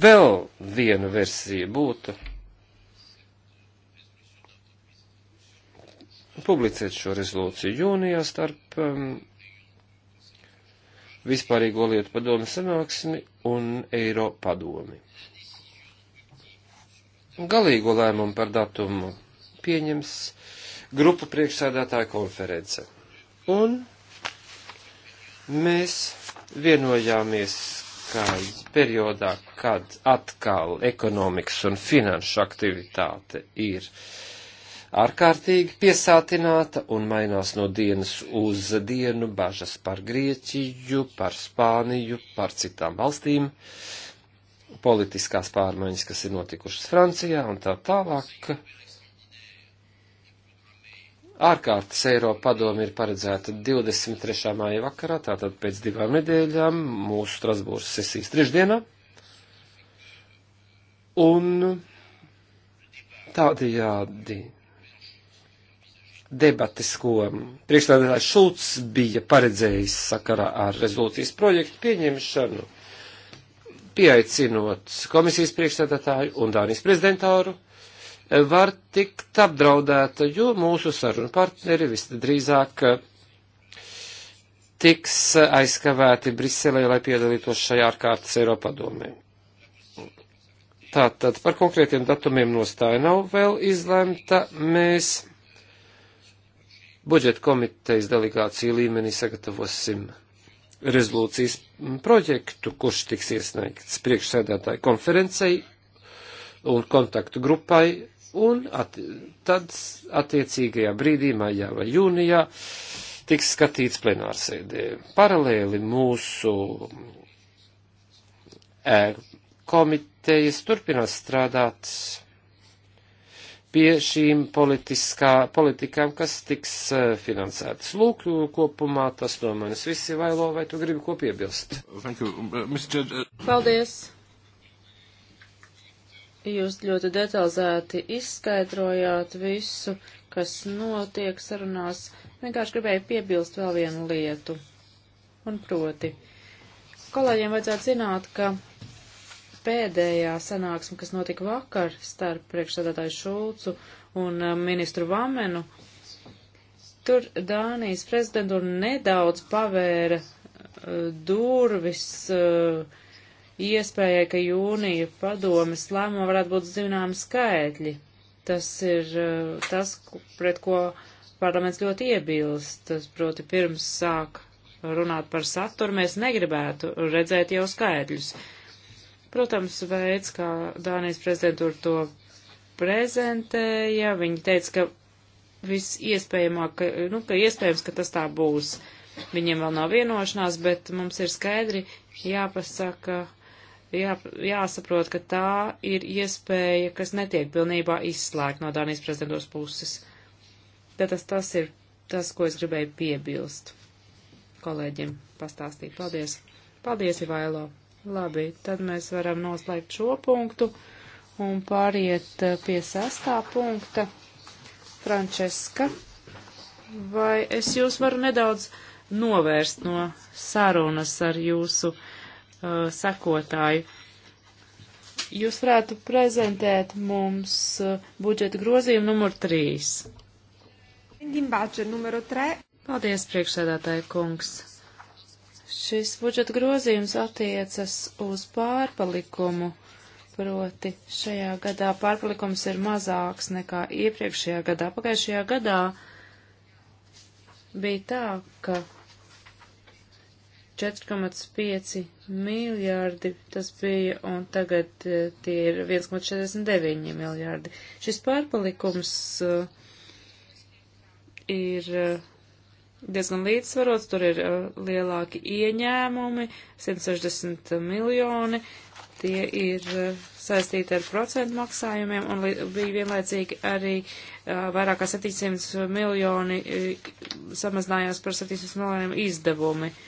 Vēl viena versija būtu publicēt šo rezolūciju jūnijā starp um, vispārīgo lietu padomu sanāksmi un Eiro padomi. Galīgo lēmumu par datumu pieņems grupu priekšsēdētāja konference. Un mēs vienojāmies, tikai periodā, kad atkal ekonomikas un finanšu aktivitāte ir ārkārtīgi piesātināta un mainās no dienas uz dienu bažas par Grieķiju, par Spāniju, par citām valstīm, politiskās pārmaiņas, kas ir notikušas Francijā un tā tālāk ārkārtas Eiropa padomi ir paredzēta 23. māja vakarā, tātad pēc divām nedēļām mūsu Strasbūras sesijas trešdienā. Un tādajādi debates, ko priekšstādātājs Šulcs bija paredzējis sakarā ar rezolūcijas projektu pieņemšanu, pieaicinot komisijas priekšstādātāju un Dānijas prezidentāru, var tikt apdraudēta, jo mūsu sarunu partneri visdrīzāk eh, tiks aizskavēti Briselē, lai piedalītos šajā ārkārtas Eiropadomē. Tātad par konkrētiem datumiem nostāja nav vēl izlemta. Mēs budžeta komitejas delegāciju līmenī sagatavosim rezolūcijas projektu, kurš tiks iesniegts priekšsēdētāju konferencei un kontaktu grupai un at, tad attiecīgajā brīdī, maijā vai jūnijā, tiks skatīts plenārsēdē. Paralēli mūsu e, komitejas turpinās strādāt pie šīm politikām, kas tiks finansētas. Lūk, kopumā tas no manis visi vailo, vai tu gribi ko piebilst? Uh, Paldies! Jūs ļoti detalizēti izskaidrojāt visu, kas notiek sarunās. Vienkārši gribēju piebilst vēl vienu lietu. Un proti, kolēģiem vajadzētu zināt, ka pēdējā sanāksme, kas notika vakar starp priekšsādātāju Šulcu un uh, ministru Vamenu, tur Dānijas prezidentūra nedaudz pavēra uh, durvis uh, iespējai, ka jūnija padomes lēmumā varētu būt zināmi skaitļi. Tas ir eh, tas, pret ko parlaments ļoti iebilst. Tas, proti, pirms sāk runāt par saturu, mēs negribētu redzēt jau skaitļus. Protams, veids, kā Dānijas prezidentūra to prezentēja, viņi teica, ka viss iespējamāk, nu, ka iespējams, ka tas tā būs. Viņiem vēl nav vienošanās, bet mums ir skaidri jāpasaka, jā, jāsaprot, ka tā ir iespēja, kas netiek pilnībā izslēgta no Dānijas prezidentos puses. Tātad tas ir tas, ko es gribēju piebilst kolēģiem pastāstīt. Paldies! Paldies, Ivailo! Labi, tad mēs varam noslēgt šo punktu un pāriet eh, pie sastā punkta. Frančeska, vai es jūs varu nedaudz novērst no sarunas ar jūsu uh, sekotāju. Jūs varētu prezentēt mums uh, budžeta grozījumu numur 3. Paldies, priekšsēdētāji kungs. Šis budžeta grozījums attiecas uz pārpalikumu, proti šajā gadā pārpalikums ir mazāks nekā iepriekšējā gadā. Pagājušajā gadā bija tā, ka 4,5 miljārdi tas bija, un tagad e, tie ir 1,49 miljārdi. Šis pārpalikums e, ir e, diezgan līdzsvarots, tur ir lielāki ieņēmumi, 160 miljoni, tie ir saistīti ar procentu maksājumiem, un bija vienlaicīgi arī vairāk kā 700 miljoni samazinājās par 700 miljoniem izdevumi. Uh,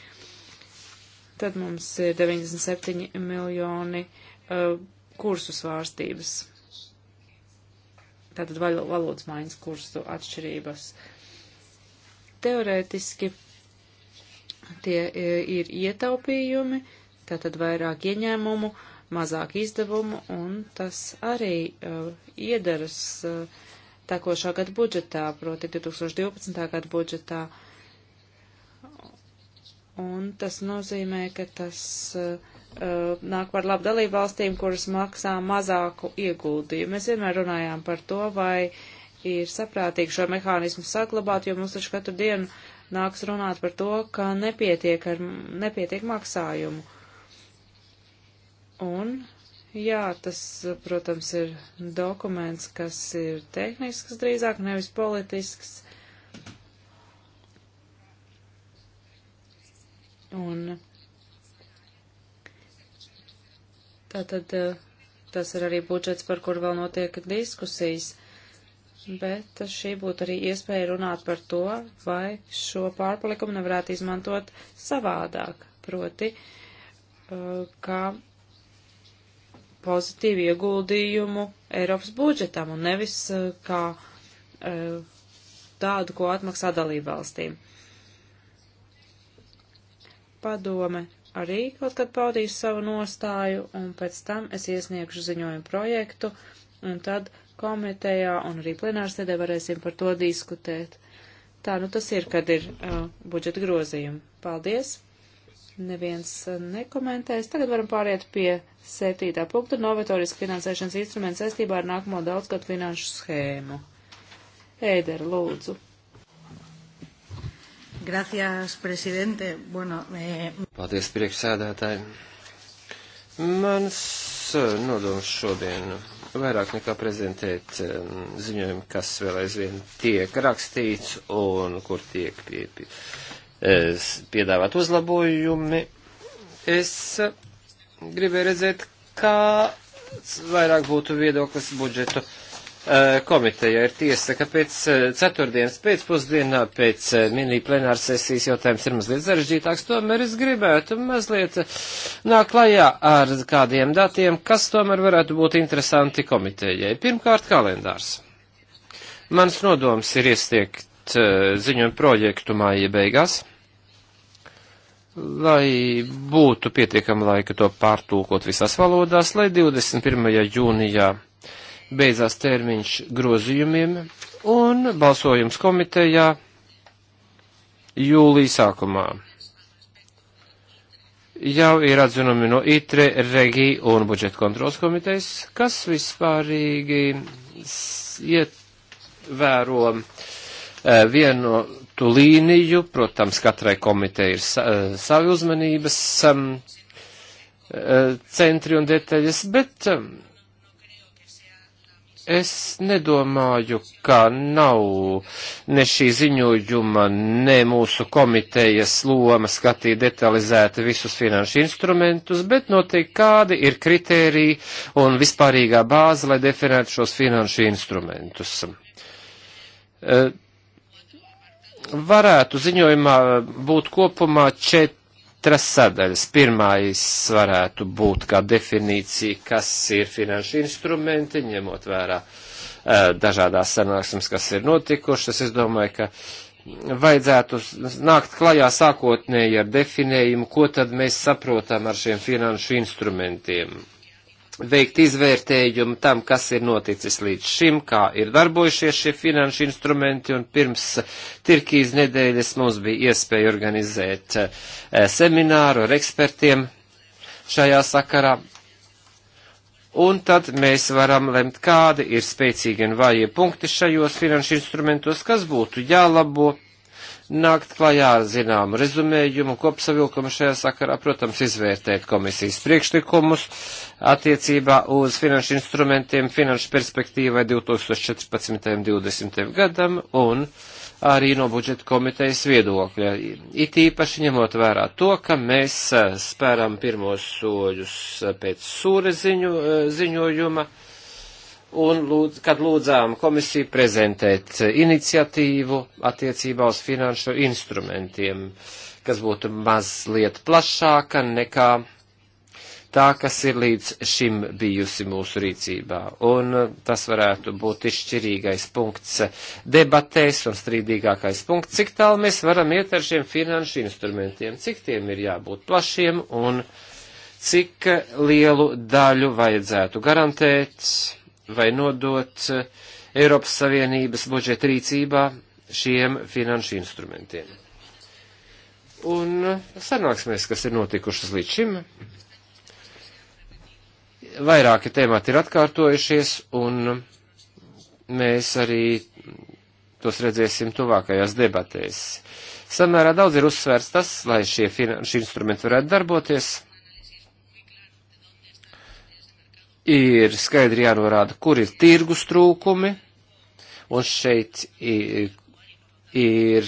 Tad mums ir 97 miljoni uh, kursu svārstības. Tātad valodas maiņas kursu atšķirības. Teorētiski tie e, ir ietaupījumi, tātad vairāk ieņēmumu, mazāk izdevumu, un tas arī uh, e, iedaras uh, e, tekošā gada budžetā, proti 2012. gada budžetā. Uh, un tas nozīmē, ka tas uh, nāk par labu dalību valstīm, kuras maksā mazāku ieguldījumu. Mēs vienmēr runājām par to, vai ir saprātīgi šo mehānismu saglabāt, jo mums taču katru dienu nāks runāt par to, ka nepietiek, ar, nepietiek maksājumu. Un, jā, tas, protams, ir dokuments, kas ir tehnisks drīzāk, nevis politisks Un tātad eh, tas ir arī budžets, par kur vēl notiek diskusijas. Bet šī būtu arī iespēja runāt par to, vai šo pārpalikumu nevarētu izmantot savādāk, proti, eh, kā pozitīvu ieguldījumu Eiropas budžetam un nevis eh, kā tādu, ko atmaksā dalību valstīm. Padome arī kaut kad paudīs savu nostāju, un pēc tam es iesniegšu ziņojumu projektu, un tad komitejā un arī plenārsēdē varēsim par to diskutēt. Tā nu tas ir, kad ir uh, budžeta grozījumi. Paldies! Neviens uh, nekomentēs. Tagad varam pāriet pie septītā punkta - novatoriski finansēšanas instruments saistībā ar nākamo daudzgadu finanšu schēmu. Ēder, lūdzu! Gracias, presidente. Bueno, eh... Paldies, priekšsēdētāji. Mans eh, nodoms šodien vairāk nekā prezentēt eh, ziņojumu, kas vēl aizvien tiek rakstīts un kur tiek pie, pie, eh, piedāvāt uzlabojumi. Es gribēju redzēt, kā vairāk būtu viedoklis budžetu Eh, komiteja ir tiesa, ka pēc eh, ceturtdienas pēcpusdienā, pēc eh, mini plenāras sesijas jautājums ir mazliet sarežģītāks, tomēr es gribētu mazliet nāk klajā ar kādiem datiem, kas tomēr varētu būt interesanti komitejai. Pirmkārt, kalendārs. Mans nodoms ir iestiekt ziņojumu projektu māja beigās, lai būtu pietiekama laika to pārtūkot visās valodās, lai 21. jūnijā beidzās termiņš grozījumiem un balsojums komitejā jūlija sākumā. Jau ir atzinumi no ITRE, REGI un budžeta kontrols komitejas, kas vispārīgi ietvēro e, vienu tu līniju, protams, katrai komitejai ir sa e, savi uzmanības e, centri un detaļas, bet Es nedomāju, ka nav ne šī ziņojuma, ne mūsu komitejas loma skatīt detalizēti visus finanšu instrumentus, bet noteikti kādi ir kritēriji un vispārīgā bāze, lai definētu šos finanšu instrumentus. Eh, varētu ziņojumā būt kopumā četri četras sadaļas. Pirmais varētu būt kā definīcija, kas ir finanšu instrumenti, ņemot vērā eh, dažādās sanāksmes, kas ir notikušas. Es domāju, ka vajadzētu nākt klajā sākotnēji ar definējumu, ko tad mēs saprotam ar šiem finanšu instrumentiem veikt izvērtējumu tam, kas ir noticis līdz šim, kā ir darbojušies šie finanšu instrumenti, un pirms Tirkijas nedēļas mums bija iespēja organizēt eh, semināru ar ekspertiem šajā sakarā. Un tad mēs varam lemt, kādi ir spēcīgi un vājie punkti šajos finanšu instrumentos, kas būtu jālabo nākt klajā ar zināmu rezumējumu, kopsavilkumu šajā sakarā, protams, izvērtēt komisijas priekšlikumus attiecībā uz finanšu instrumentiem, finanšu perspektīvai 2014.20. gadam un arī no budžeta komitejas viedokļa. It īpaši ņemot vērā to, ka mēs eh, spēram pirmos soļus eh, pēc sūre ziņu, eh, ziņojuma un lūdz, kad lūdzām komisiju prezentēt iniciatīvu attiecībā uz finanšu instrumentiem, kas būtu mazliet plašāka nekā tā, kas ir līdz šim bijusi mūsu rīcībā. Un tas varētu būt izšķirīgais punkts debatēs un strīdīgākais punkts, cik tālu mēs varam iet ar šiem finanšu instrumentiem, cik tiem ir jābūt plašiem un cik lielu daļu vajadzētu garantēt vai nodot eh, Eiropas Savienības budžeta rīcībā šiem finanšu instrumentiem. Un sanāksmēs, kas ir notikušas līdz šim, vairāki temati ir atkārtojušies, un mēs arī tos redzēsim tuvākajās debatēs. Samērā daudz ir uzsvērts tas, lai šie finanšu instrumenti varētu darboties ir skaidri jānorāda, kur ir tirgus trūkumi, un šeit ir, ir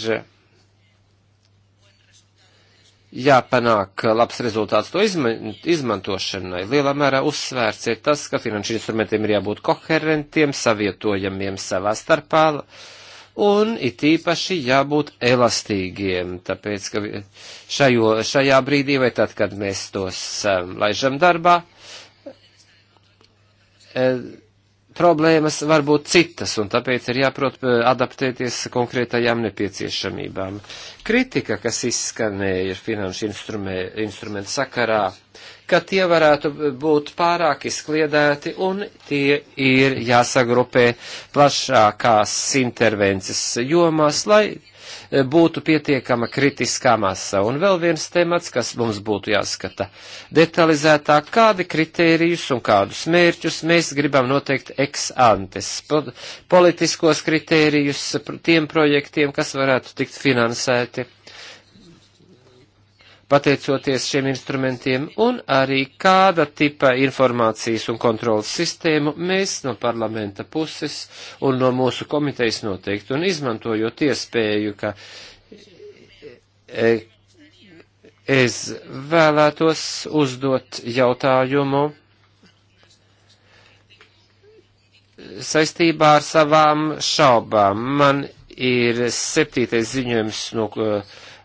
jāpanāk labs rezultāts to izmantošanai. Lielā mērā uzsvērts ir tas, ka finanšu instrumentiem ir jābūt koherentiem, savietojamiem savā starpā, un it īpaši jābūt elastīgiem, tāpēc, ka šajo, šajā brīdī vai tad, kad mēs tos um, laižam darbā, E, problēmas var būt citas, un tāpēc ir jāprot e, adaptēties konkrētajām nepieciešamībām. Kritika, kas izskanēja finanšu instrumentu sakarā, ka tie varētu būt pārāk izkliedēti, un tie ir jāsagrupē plašākās intervences jomās, lai būtu pietiekama kritiskā masa. Un vēl viens temats, kas mums būtu jāskata detalizētāk, kādi kritērijus un kādus mērķus mēs gribam noteikt ex antes, politiskos kritērijus tiem projektiem, kas varētu tikt finansēti pateicoties šiem instrumentiem, un arī kāda tipa informācijas un kontrolas sistēmu mēs no parlamenta puses un no mūsu komitejas noteikti, un izmantojot iespēju, ka e, es vēlētos uzdot jautājumu saistībā ar savām šaubām. Man ir septītais ziņojums no. Nu,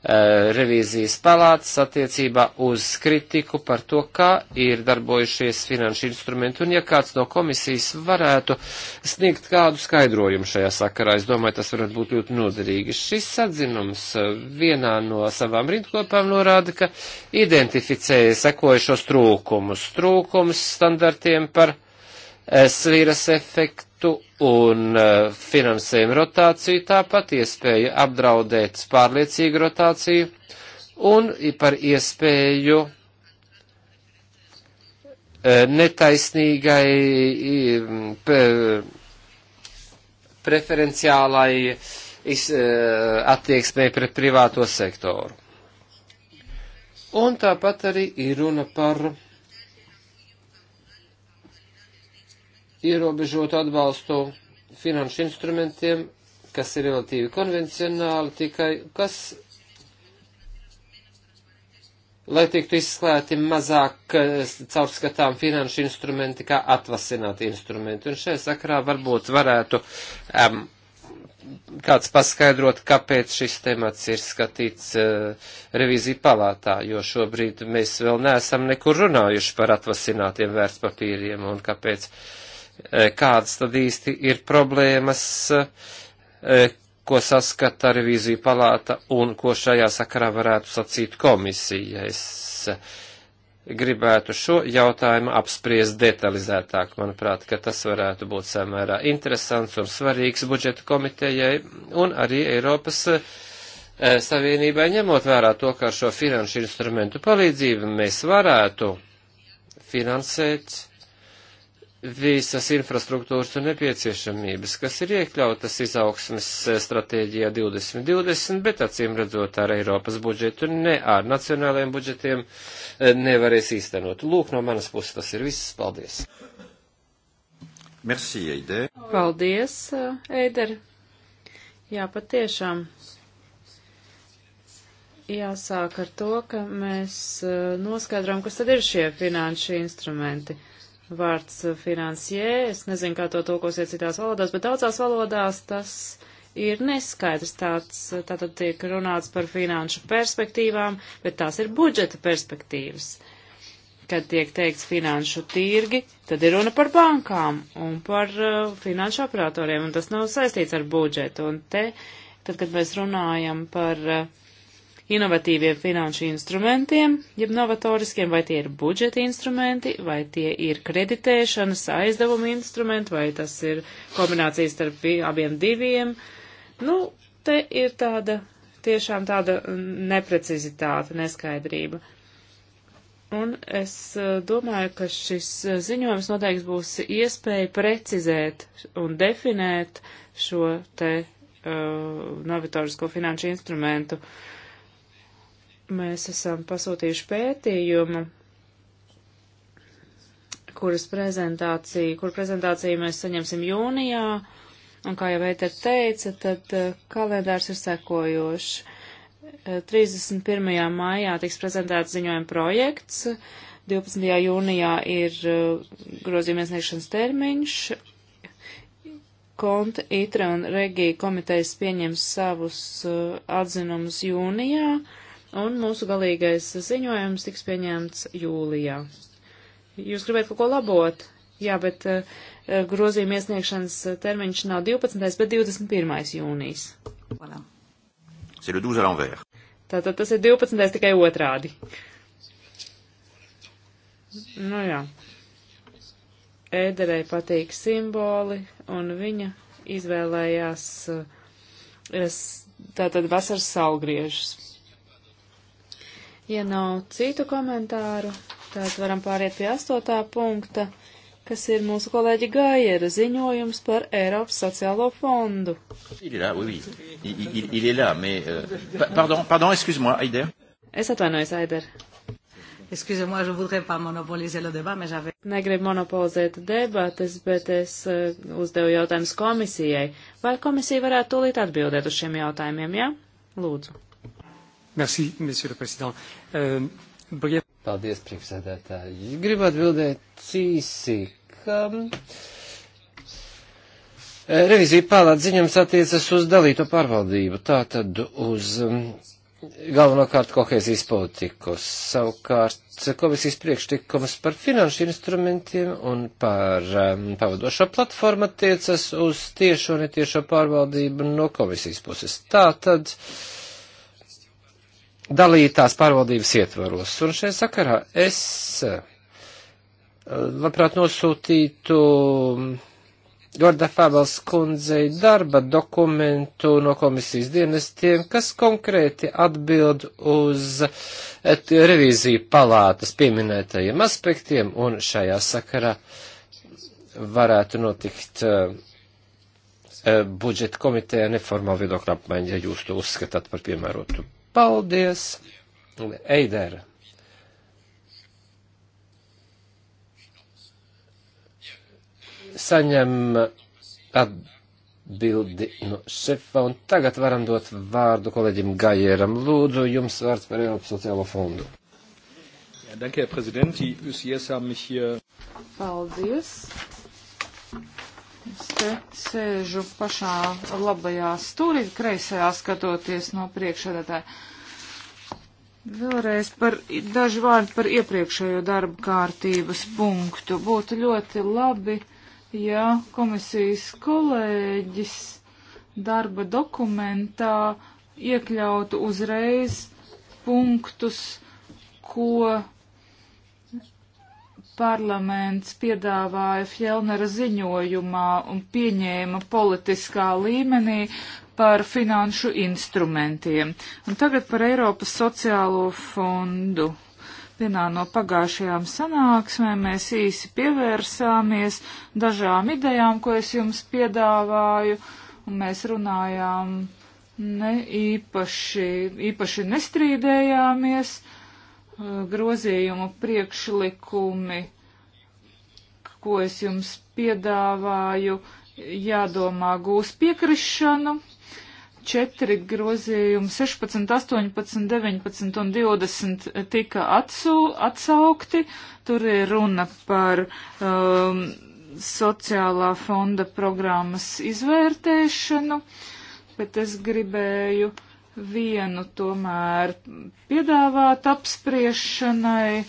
Eh, revīzijas palātas attiecībā uz kritiku par to, kā ir darbojušies finanšu instrumenti, un ja kāds no komisijas varētu sniegt kādu skaidrojumu šajā sakarā, es domāju, tas varētu būt ļoti noderīgi. Šis atzinums eh, vienā no savām rindkopām norāda, ka identificēja sekojušos trūkumus, trūkums standartiem par eh, svīras efektu, budžetu un eh, finansējumu rotāciju, tāpat iespēju apdraudēt pārliecīgu rotāciju un par iespēju eh, netaisnīgai mm, preferenciālai eh, attieksmē pret privāto sektoru. Un tāpat arī ir runa par ierobežotu atbalstu finanšu instrumentiem, kas ir relatīvi konvencionāli, tikai kas, lai tiktu izslēgti mazāk eh, caurskatām finanšu instrumenti, kā atvasināti instrumenti. Un šajā sakrā varbūt varētu um, kāds paskaidrot, kāpēc šis temats ir skatīts uh, eh, revīzija palātā, jo šobrīd mēs vēl neesam nekur runājuši par atvasinātiem vērtspapīriem un kāpēc. Uh, Eh, kādas tad īsti ir problēmas, eh, ko saskata revīzija palāta un ko šajā sakarā varētu sacīt komisija. Es eh, gribētu šo jautājumu apspriest detalizētāk. Manuprāt, ka tas varētu būt samērā interesants un svarīgs budžeta komitejai un arī Eiropas Savienībai ņemot vērā to, ka ar šo finanšu instrumentu palīdzību mēs varētu finansēt visas infrastruktūras un nepieciešamības, kas ir iekļautas izaugsmes eh, stratēģijā 2020, bet acīm redzot ar Eiropas budžetu, ne ar nacionālajiem budžetiem eh, nevarēs īstenot. Lūk, no manas puses tas ir viss. Paldies! Merci, Eider. Paldies, eh, Eider. Jā, patiešām. Jāsāk ar to, ka mēs noskaidrojam, kas tad ir šie finanšu instrumenti vārds eh, finansjē. Es nezinu, kā to tulkosiet citās valodās, bet daudzās valodās tas ir neskaidrs. Tāds, eh, tātad tiek runāts par finanšu perspektīvām, bet tās ir budžeta perspektīvas. Kad tiek teikts finanšu tirgi, tad ir runa par bankām un par uh, finanšu operatoriem, un tas nav saistīts ar budžetu. Un te, tad, kad mēs runājam par uh, inovatīviem finanšu instrumentiem, jeb novatoriskiem, vai tie ir budžeta instrumenti, vai tie ir kreditēšanas aizdevuma instrumenti, vai tas ir kombinācijas starp abiem diviem. Nu, te ir tāda, tiešām tāda neprecizitāte, neskaidrība. Un es eh, domāju, ka šis eh, ziņojums noteikti būs iespēja precizēt un definēt šo te uh, novatorisko finanšu instrumentu uh, Mēs esam pasūtījuši pētījumu, kuras prezentāciju, kur prezentāciju mēs saņemsim jūnijā, un kā jau Veita teica, tad eh, kalendārs ir sekojošs. 31. Eh, maijā tiks prezentēts ziņojuma projekts, 12. jūnijā ir eh, grozījuma iesniegšanas termiņš, konta ITRA un Regija komitejas pieņems savus atzinumus jūnijā, un mūsu galīgais ziņojums tiks pieņemts jūlijā. Jūs gribētu kaut ko labot? Jā, bet uh, grozījuma iesniegšanas eh, termiņš nav 12. bet 21. jūnijas. Voilà. Tātad tas ir 12. tikai otrādi. Nu jā. Ēderei patīk simboli, un viņa izvēlējās uh, es, tātad vasaras salgriežus. Ja nav citu komentāru, tad varam pāriet pie astotā punkta, kas ir mūsu kolēģi Gaiera ziņojums par Eiropas sociālo fondu. Il est là, oui, oui. Il, il, il est là, mais... Euh, pardon, pardon, excuse-moi, Aider. Es atvainojos, Aider. Excusez-moi, je voudrais pas monopoliser le débat, mais j'avais... Negribu monopolizēt debates, bet es uh, uzdevu jautājumus komisijai. Vai komisija varētu tūlīt atbildēt uz šiem jautājumiem, jā? Ja? Lūdzu. Merci, monsieur le président. Um, euh, brīv... Paldies, priekšsēdētāji. Gribu atbildēt īsi, ka eh, revizija palāta ziņams attiecas uz dalīto pārvaldību, tātad uz mm, galvenokārt kohēzijas politikus, savukārt komisijas priekšlikums par finanšu instrumentiem un par um, pavadošo platformu attiecas uz tiešo un netiešo pārvaldību no komisijas puses. Tātad. tad dalītās pārvaldības ietvaros. Un šajā sakarā es eh, labprāt nosūtītu Gorda Fabels kundzei darba dokumentu no komisijas dienestiem, kas konkrēti atbild uz eh, revīziju palātas pieminētajiem aspektiem, un šajā sakarā varētu notikt eh, budžeta komitē neformāla viedokļa apmaiņa, ja jūs to uzskatāt par piemērotu. Paldies, Eidera. Saņem atbildi no šefa, un tagad varam dot vārdu kolēģim Gajeram. Lūdzu, jums vārds par Eiropas sociālo fondu. Ja, danke, Herr Präsident. Die ÖCS haben mich hier. Paldies. Es te sēžu pašā labajā stūrī, kreisajā skatoties no priekšredatē. Vēlreiz par daži vārdi par iepriekšējo darba kārtības punktu. Būtu ļoti labi, ja komisijas kolēģis darba dokumentā iekļautu uzreiz punktus, ko parlaments piedāvāja Fjellnera ziņojumā un pieņēma politiskā līmenī par finanšu instrumentiem. Un tagad par Eiropas sociālo fondu. Vienā no pagājušajām sanāksmēm mēs īsi pievērsāmies dažām idejām, ko es jums piedāvāju, un mēs runājām ne īpaši, īpaši nestrīdējāmies Eh, grozījumu priekšlikumi, ko es jums piedāvāju, jādomā gūs piekrišanu. Četri grozījumi 16, 18, 19 un 20 tika atsu, atsaukti. Tur ir runa par um, sociālā fonda programmas izvērtēšanu, bet es gribēju uh, vienu tomēr piedāvāt apspriešanai.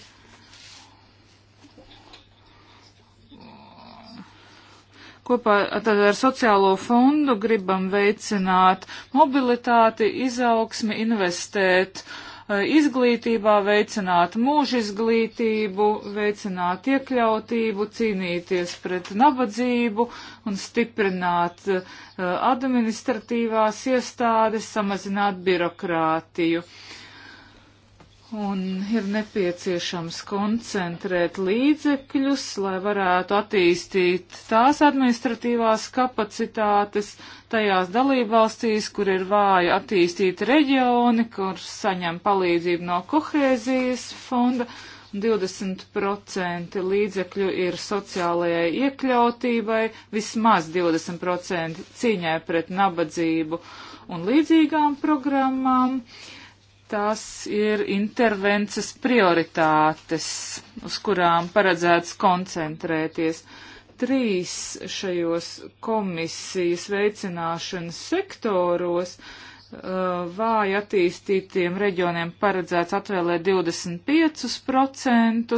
Kopā ar sociālo fondu gribam veicināt mobilitāti, izaugsmi, investēt uh, Eh, izglītībā, veicināt mūža izglītību, veicināt iekļautību, cīnīties pret nabadzību un stiprināt eh, administratīvās iestādes, samazināt birokrātiju. Uh, un ir nepieciešams koncentrēt līdzekļus, lai varētu attīstīt tās administratīvās kapacitātes tajās dalībvalstīs, kur ir vāji attīstīti reģioni, kur saņem palīdzību no kohēzijas fonda. 20% līdzekļu ir sociālajai iekļautībai, vismaz 20% cīņai pret nabadzību un līdzīgām programmām. Uh, Tās ir intervences prioritātes, uz kurām paredzēts koncentrēties. Trīs šajos komisijas veicināšanas sektoros uh, vāji attīstītiem reģioniem paredzēts atvēlēt 25%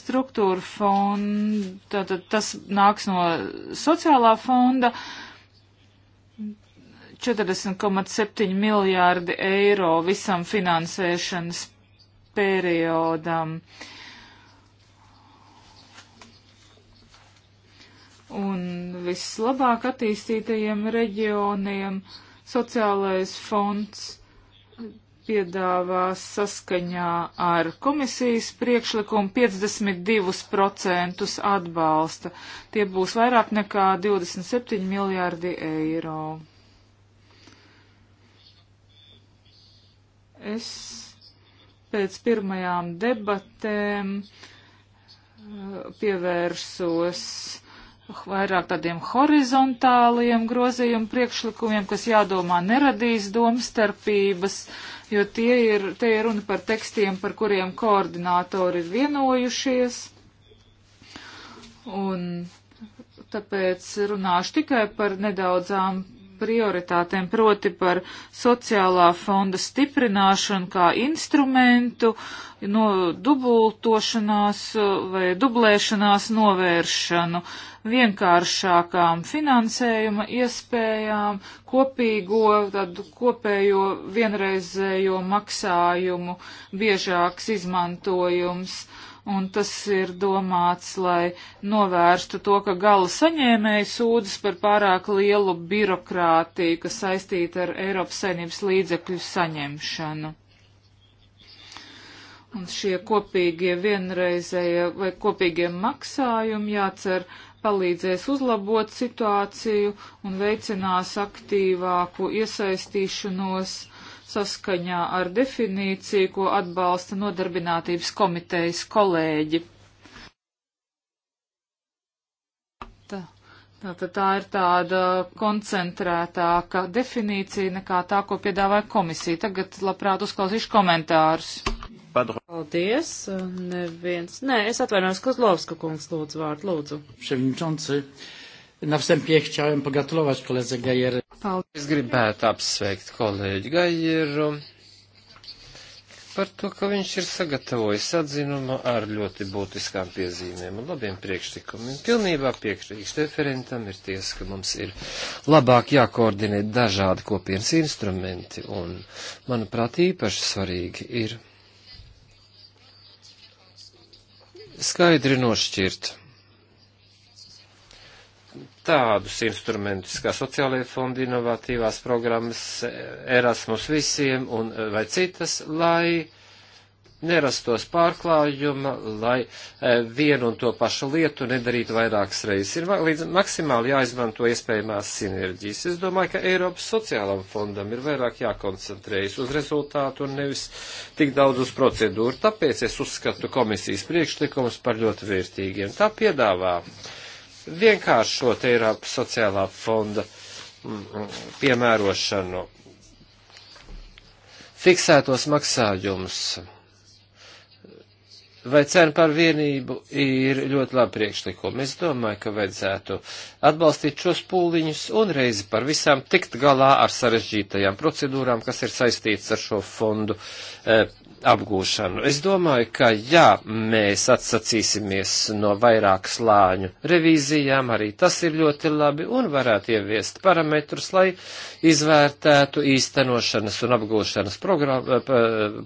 struktūra fonda, tad tas nāks no sociālā fonda, 40,7 miljārdi eiro visam finansēšanas periodam. Un vislabāk attīstītajiem reģioniem sociālais fonds piedāvās saskaņā ar komisijas priekšlikumu 52% atbalsta. Tie būs vairāk nekā 27 miljārdi eiro. es pēc pirmajām debatēm eh, pievērsos vairāk tādiem horizontāliem grozījumu priekšlikumiem, kas jādomā neradīs domstarpības, jo tie ir, tie ir runa par tekstiem, par kuriem koordinātori ir vienojušies. Un tāpēc runāšu tikai par nedaudzām prioritātēm, proti par sociālā fonda stiprināšanu kā instrumentu no dubultošanās eh, vai dublēšanās novēršanu, vienkāršākām finansējuma iespējām, kopīgo, tādu kopējo vienreizējo maksājumu, biežāks izmantojums. Uh, un tas ir domāts, lai novērstu to, ka gala saņēmēji sūdzas par pārāk lielu birokrātiju, kas saistīta ar Eiropas saimnības līdzekļu saņemšanu. Un šie kopīgie vienreizēji vai kopīgie maksājumi jācer palīdzēs uzlabot situāciju un veicinās aktīvāku iesaistīšanos saskaņā ar definīciju, ko atbalsta nodarbinātības komitejas kolēģi. Tā, tā, tā ir tāda koncentrētāka definīcija nekā tā, ko piedāvāja komisija. Tagad labprāt uzklausīšu komentārus. Paldies. Neviens. Nē, es atvainojos, Kozlovska kungs lūdzu vārdu. Lūdzu. Na wstępie chciałem pogratulować koledze Gajery. Es gribētu apsveikt kolēģi Gajeru par to, ka viņš ir sagatavojis atzinumu ar ļoti būtiskām piezīmēm un labiem priekšlikumiem. Pilnībā piekrīkst referentam ir tiesa, ka mums ir labāk jākoordinē dažādi kopienas instrumenti un, manuprāt, īpaši svarīgi ir skaidri nošķirt tādus instrumentus kā sociālajie fondi, inovatīvās programmas, Erasmus visiem un vai citas, lai nerastos pārklājuma, lai e, vienu un to pašu lietu nedarītu vairākas reizes. Ir līdz maksimāli jāizmanto iespējamās sinerģijas. Es domāju, ka Eiropas sociālam fondam ir vairāk jākoncentrējas uz rezultātu un nevis tik daudz uz procedūru. Tāpēc es uzskatu komisijas priekšlikumus par ļoti vērtīgiem. Tā piedāvā vienkāršot Eiropas sociālā fonda mm, mm, piemērošanu, fiksētos maksājumus vai cena par vienību ir ļoti labi priekšlikumi. Es domāju, ka vajadzētu atbalstīt šos pūliņus un reizi par visām tikt galā ar sarežģītajām procedūrām, kas ir saistīts ar šo fondu eh, apgūšanu. Es domāju, ka ja mēs atsacīsimies no vairāk slāņu revīzijām, arī tas ir ļoti labi un varētu ieviest parametrus, lai izvērtētu īstenošanas un apgūšanas eh,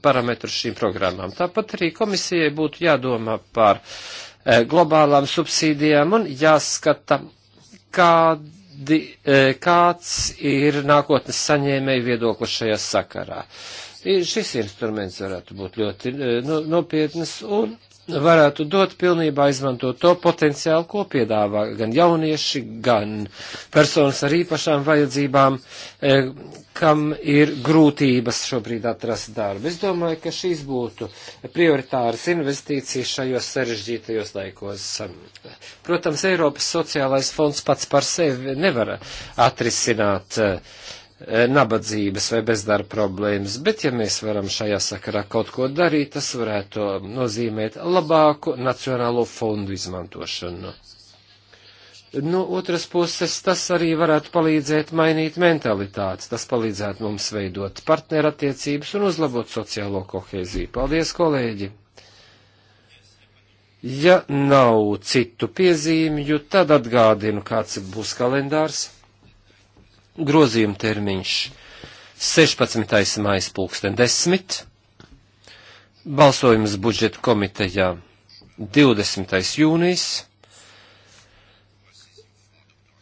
parametrus šīm programmām. Tāpat arī komisijai būtu jādomā par eh, globālām subsīdijām un jāskata, kāda kādi, eh, kāds ir nākotnes saņēmēju viedoklis šajā sakarā. Šis instruments varētu būt ļoti nu, nopietnas un varētu dot pilnībā izmantot to potenciālu, ko piedāvā gan jaunieši, gan personas ar īpašām vajadzībām, eh, kam ir grūtības šobrīd atrast darbu. Es domāju, ka šīs būtu prioritāras investīcijas šajos sarežģītajos laikos. Protams, Eiropas sociālais fonds pats par sevi nevar atrisināt uh, E, nabadzības vai bezdarba problēmas, bet ja mēs varam šajā sakarā kaut ko darīt, tas varētu nozīmēt labāku nacionālo fondu izmantošanu. No otras puses, tas arī varētu palīdzēt mainīt mentalitāti, tas palīdzētu mums veidot partnerattiecības un uzlabot sociālo kohēziju. Paldies, kolēģi! Ja nav citu piezīmju, tad atgādinu, kāds būs kalendārs grozījuma termiņš 16. maijas pulksten 10. Balsojums budžeta komitejā 20. jūnijas.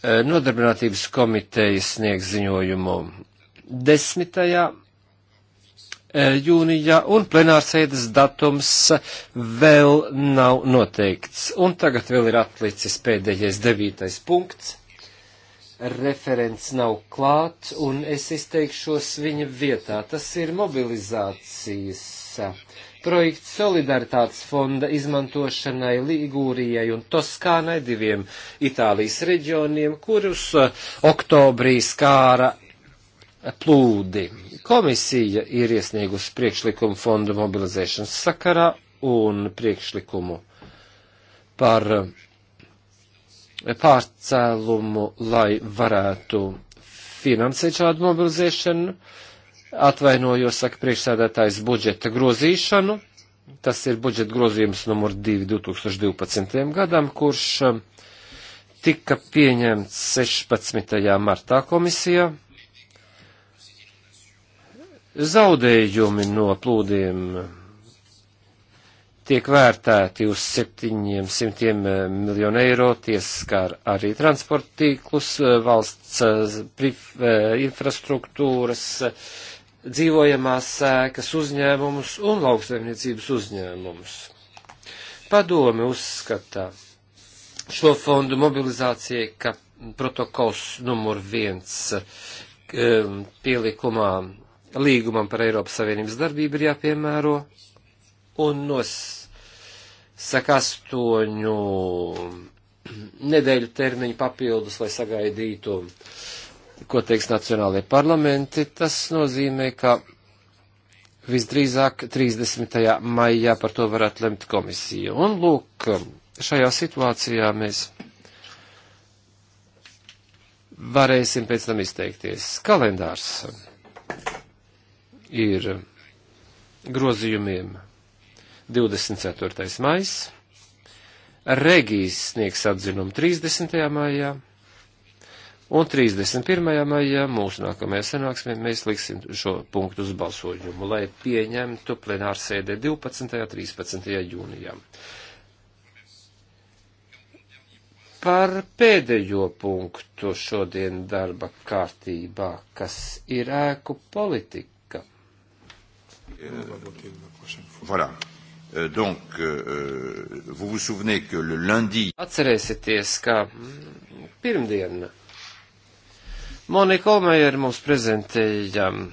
Eh, nodarbinātības komiteja sniegs ziņojumu 10. Eh, jūnijā un plenārsēdes datums vēl nav noteikts. Un tagad vēl ir atlicis pēdējais devītais punkts referents nav klāt, un es izteikšos viņa vietā. Tas ir mobilizācijas projekts solidaritātes fonda izmantošanai Ligūrijai un Toskānai diviem Itālijas reģioniem, kurus oktobrī skāra plūdi. Komisija ir iesniegusi priekšlikumu fondu mobilizēšanas sakarā un priekšlikumu par pārcēlumu, lai varētu finansēt šādu mobilizēšanu. Atvainojos, saka priekšsēdētājs, budžeta grozīšanu. Tas ir budžeta grozījums numur 2 2012. gadam, kurš um, tika pieņemts 16. martā komisijā. Zaudējumi no plūdiem tiek vērtēti uz 700 eh, miljonu eiro, tieskār arī transporta tīklus, eh, valsts eh, infrastruktūras, dzīvojamās sēkas uzņēmumus un lauksaimniecības uzņēmumus. Padome uzskata šo fondu mobilizācijai, ka protokols numur viens pielikumā līgumam par Eiropas Savienības darbību ir jāpiemēro un nos saka, astoņu nedēļu termiņu papildus, lai sagaidītu, ko teiks nacionālajie parlamenti. Tas nozīmē, ka visdrīzāk 30. maijā par to varētu lemt komisija. Un lūk, šajā situācijā mēs varēsim pēc tam izteikties. Kalendārs ir grozījumiem 24. maijs, Regijas sniegs atzinumu 30. maijā, un 31. maijā mūsu nākamajā sanāksmē mēs liksim šo punktu uz balsojumu, lai pieņemtu plenārsēdē 12. un 13. jūnijā. Par pēdējo punktu šodien darba kārtībā, kas ir ēku politika. Voilà. Euh, donc, euh, euh, vous vous souvenez que le lundi. Atcerēsieties, ka mm, pirmdien Monika Olmeier mums prezentēja mm,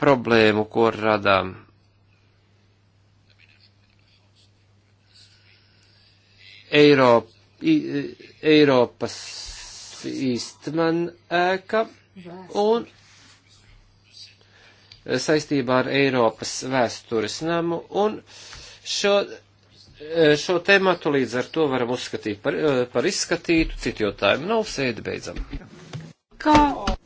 problēmu, ko rada Eiropa, Eiropas īstman ēka un saistībā ar Eiropas vēstures namu, un šo, šo tematu līdz ar to varam uzskatīt par, par izskatītu, citu jautājumu nav, sēdi beidzam. Kā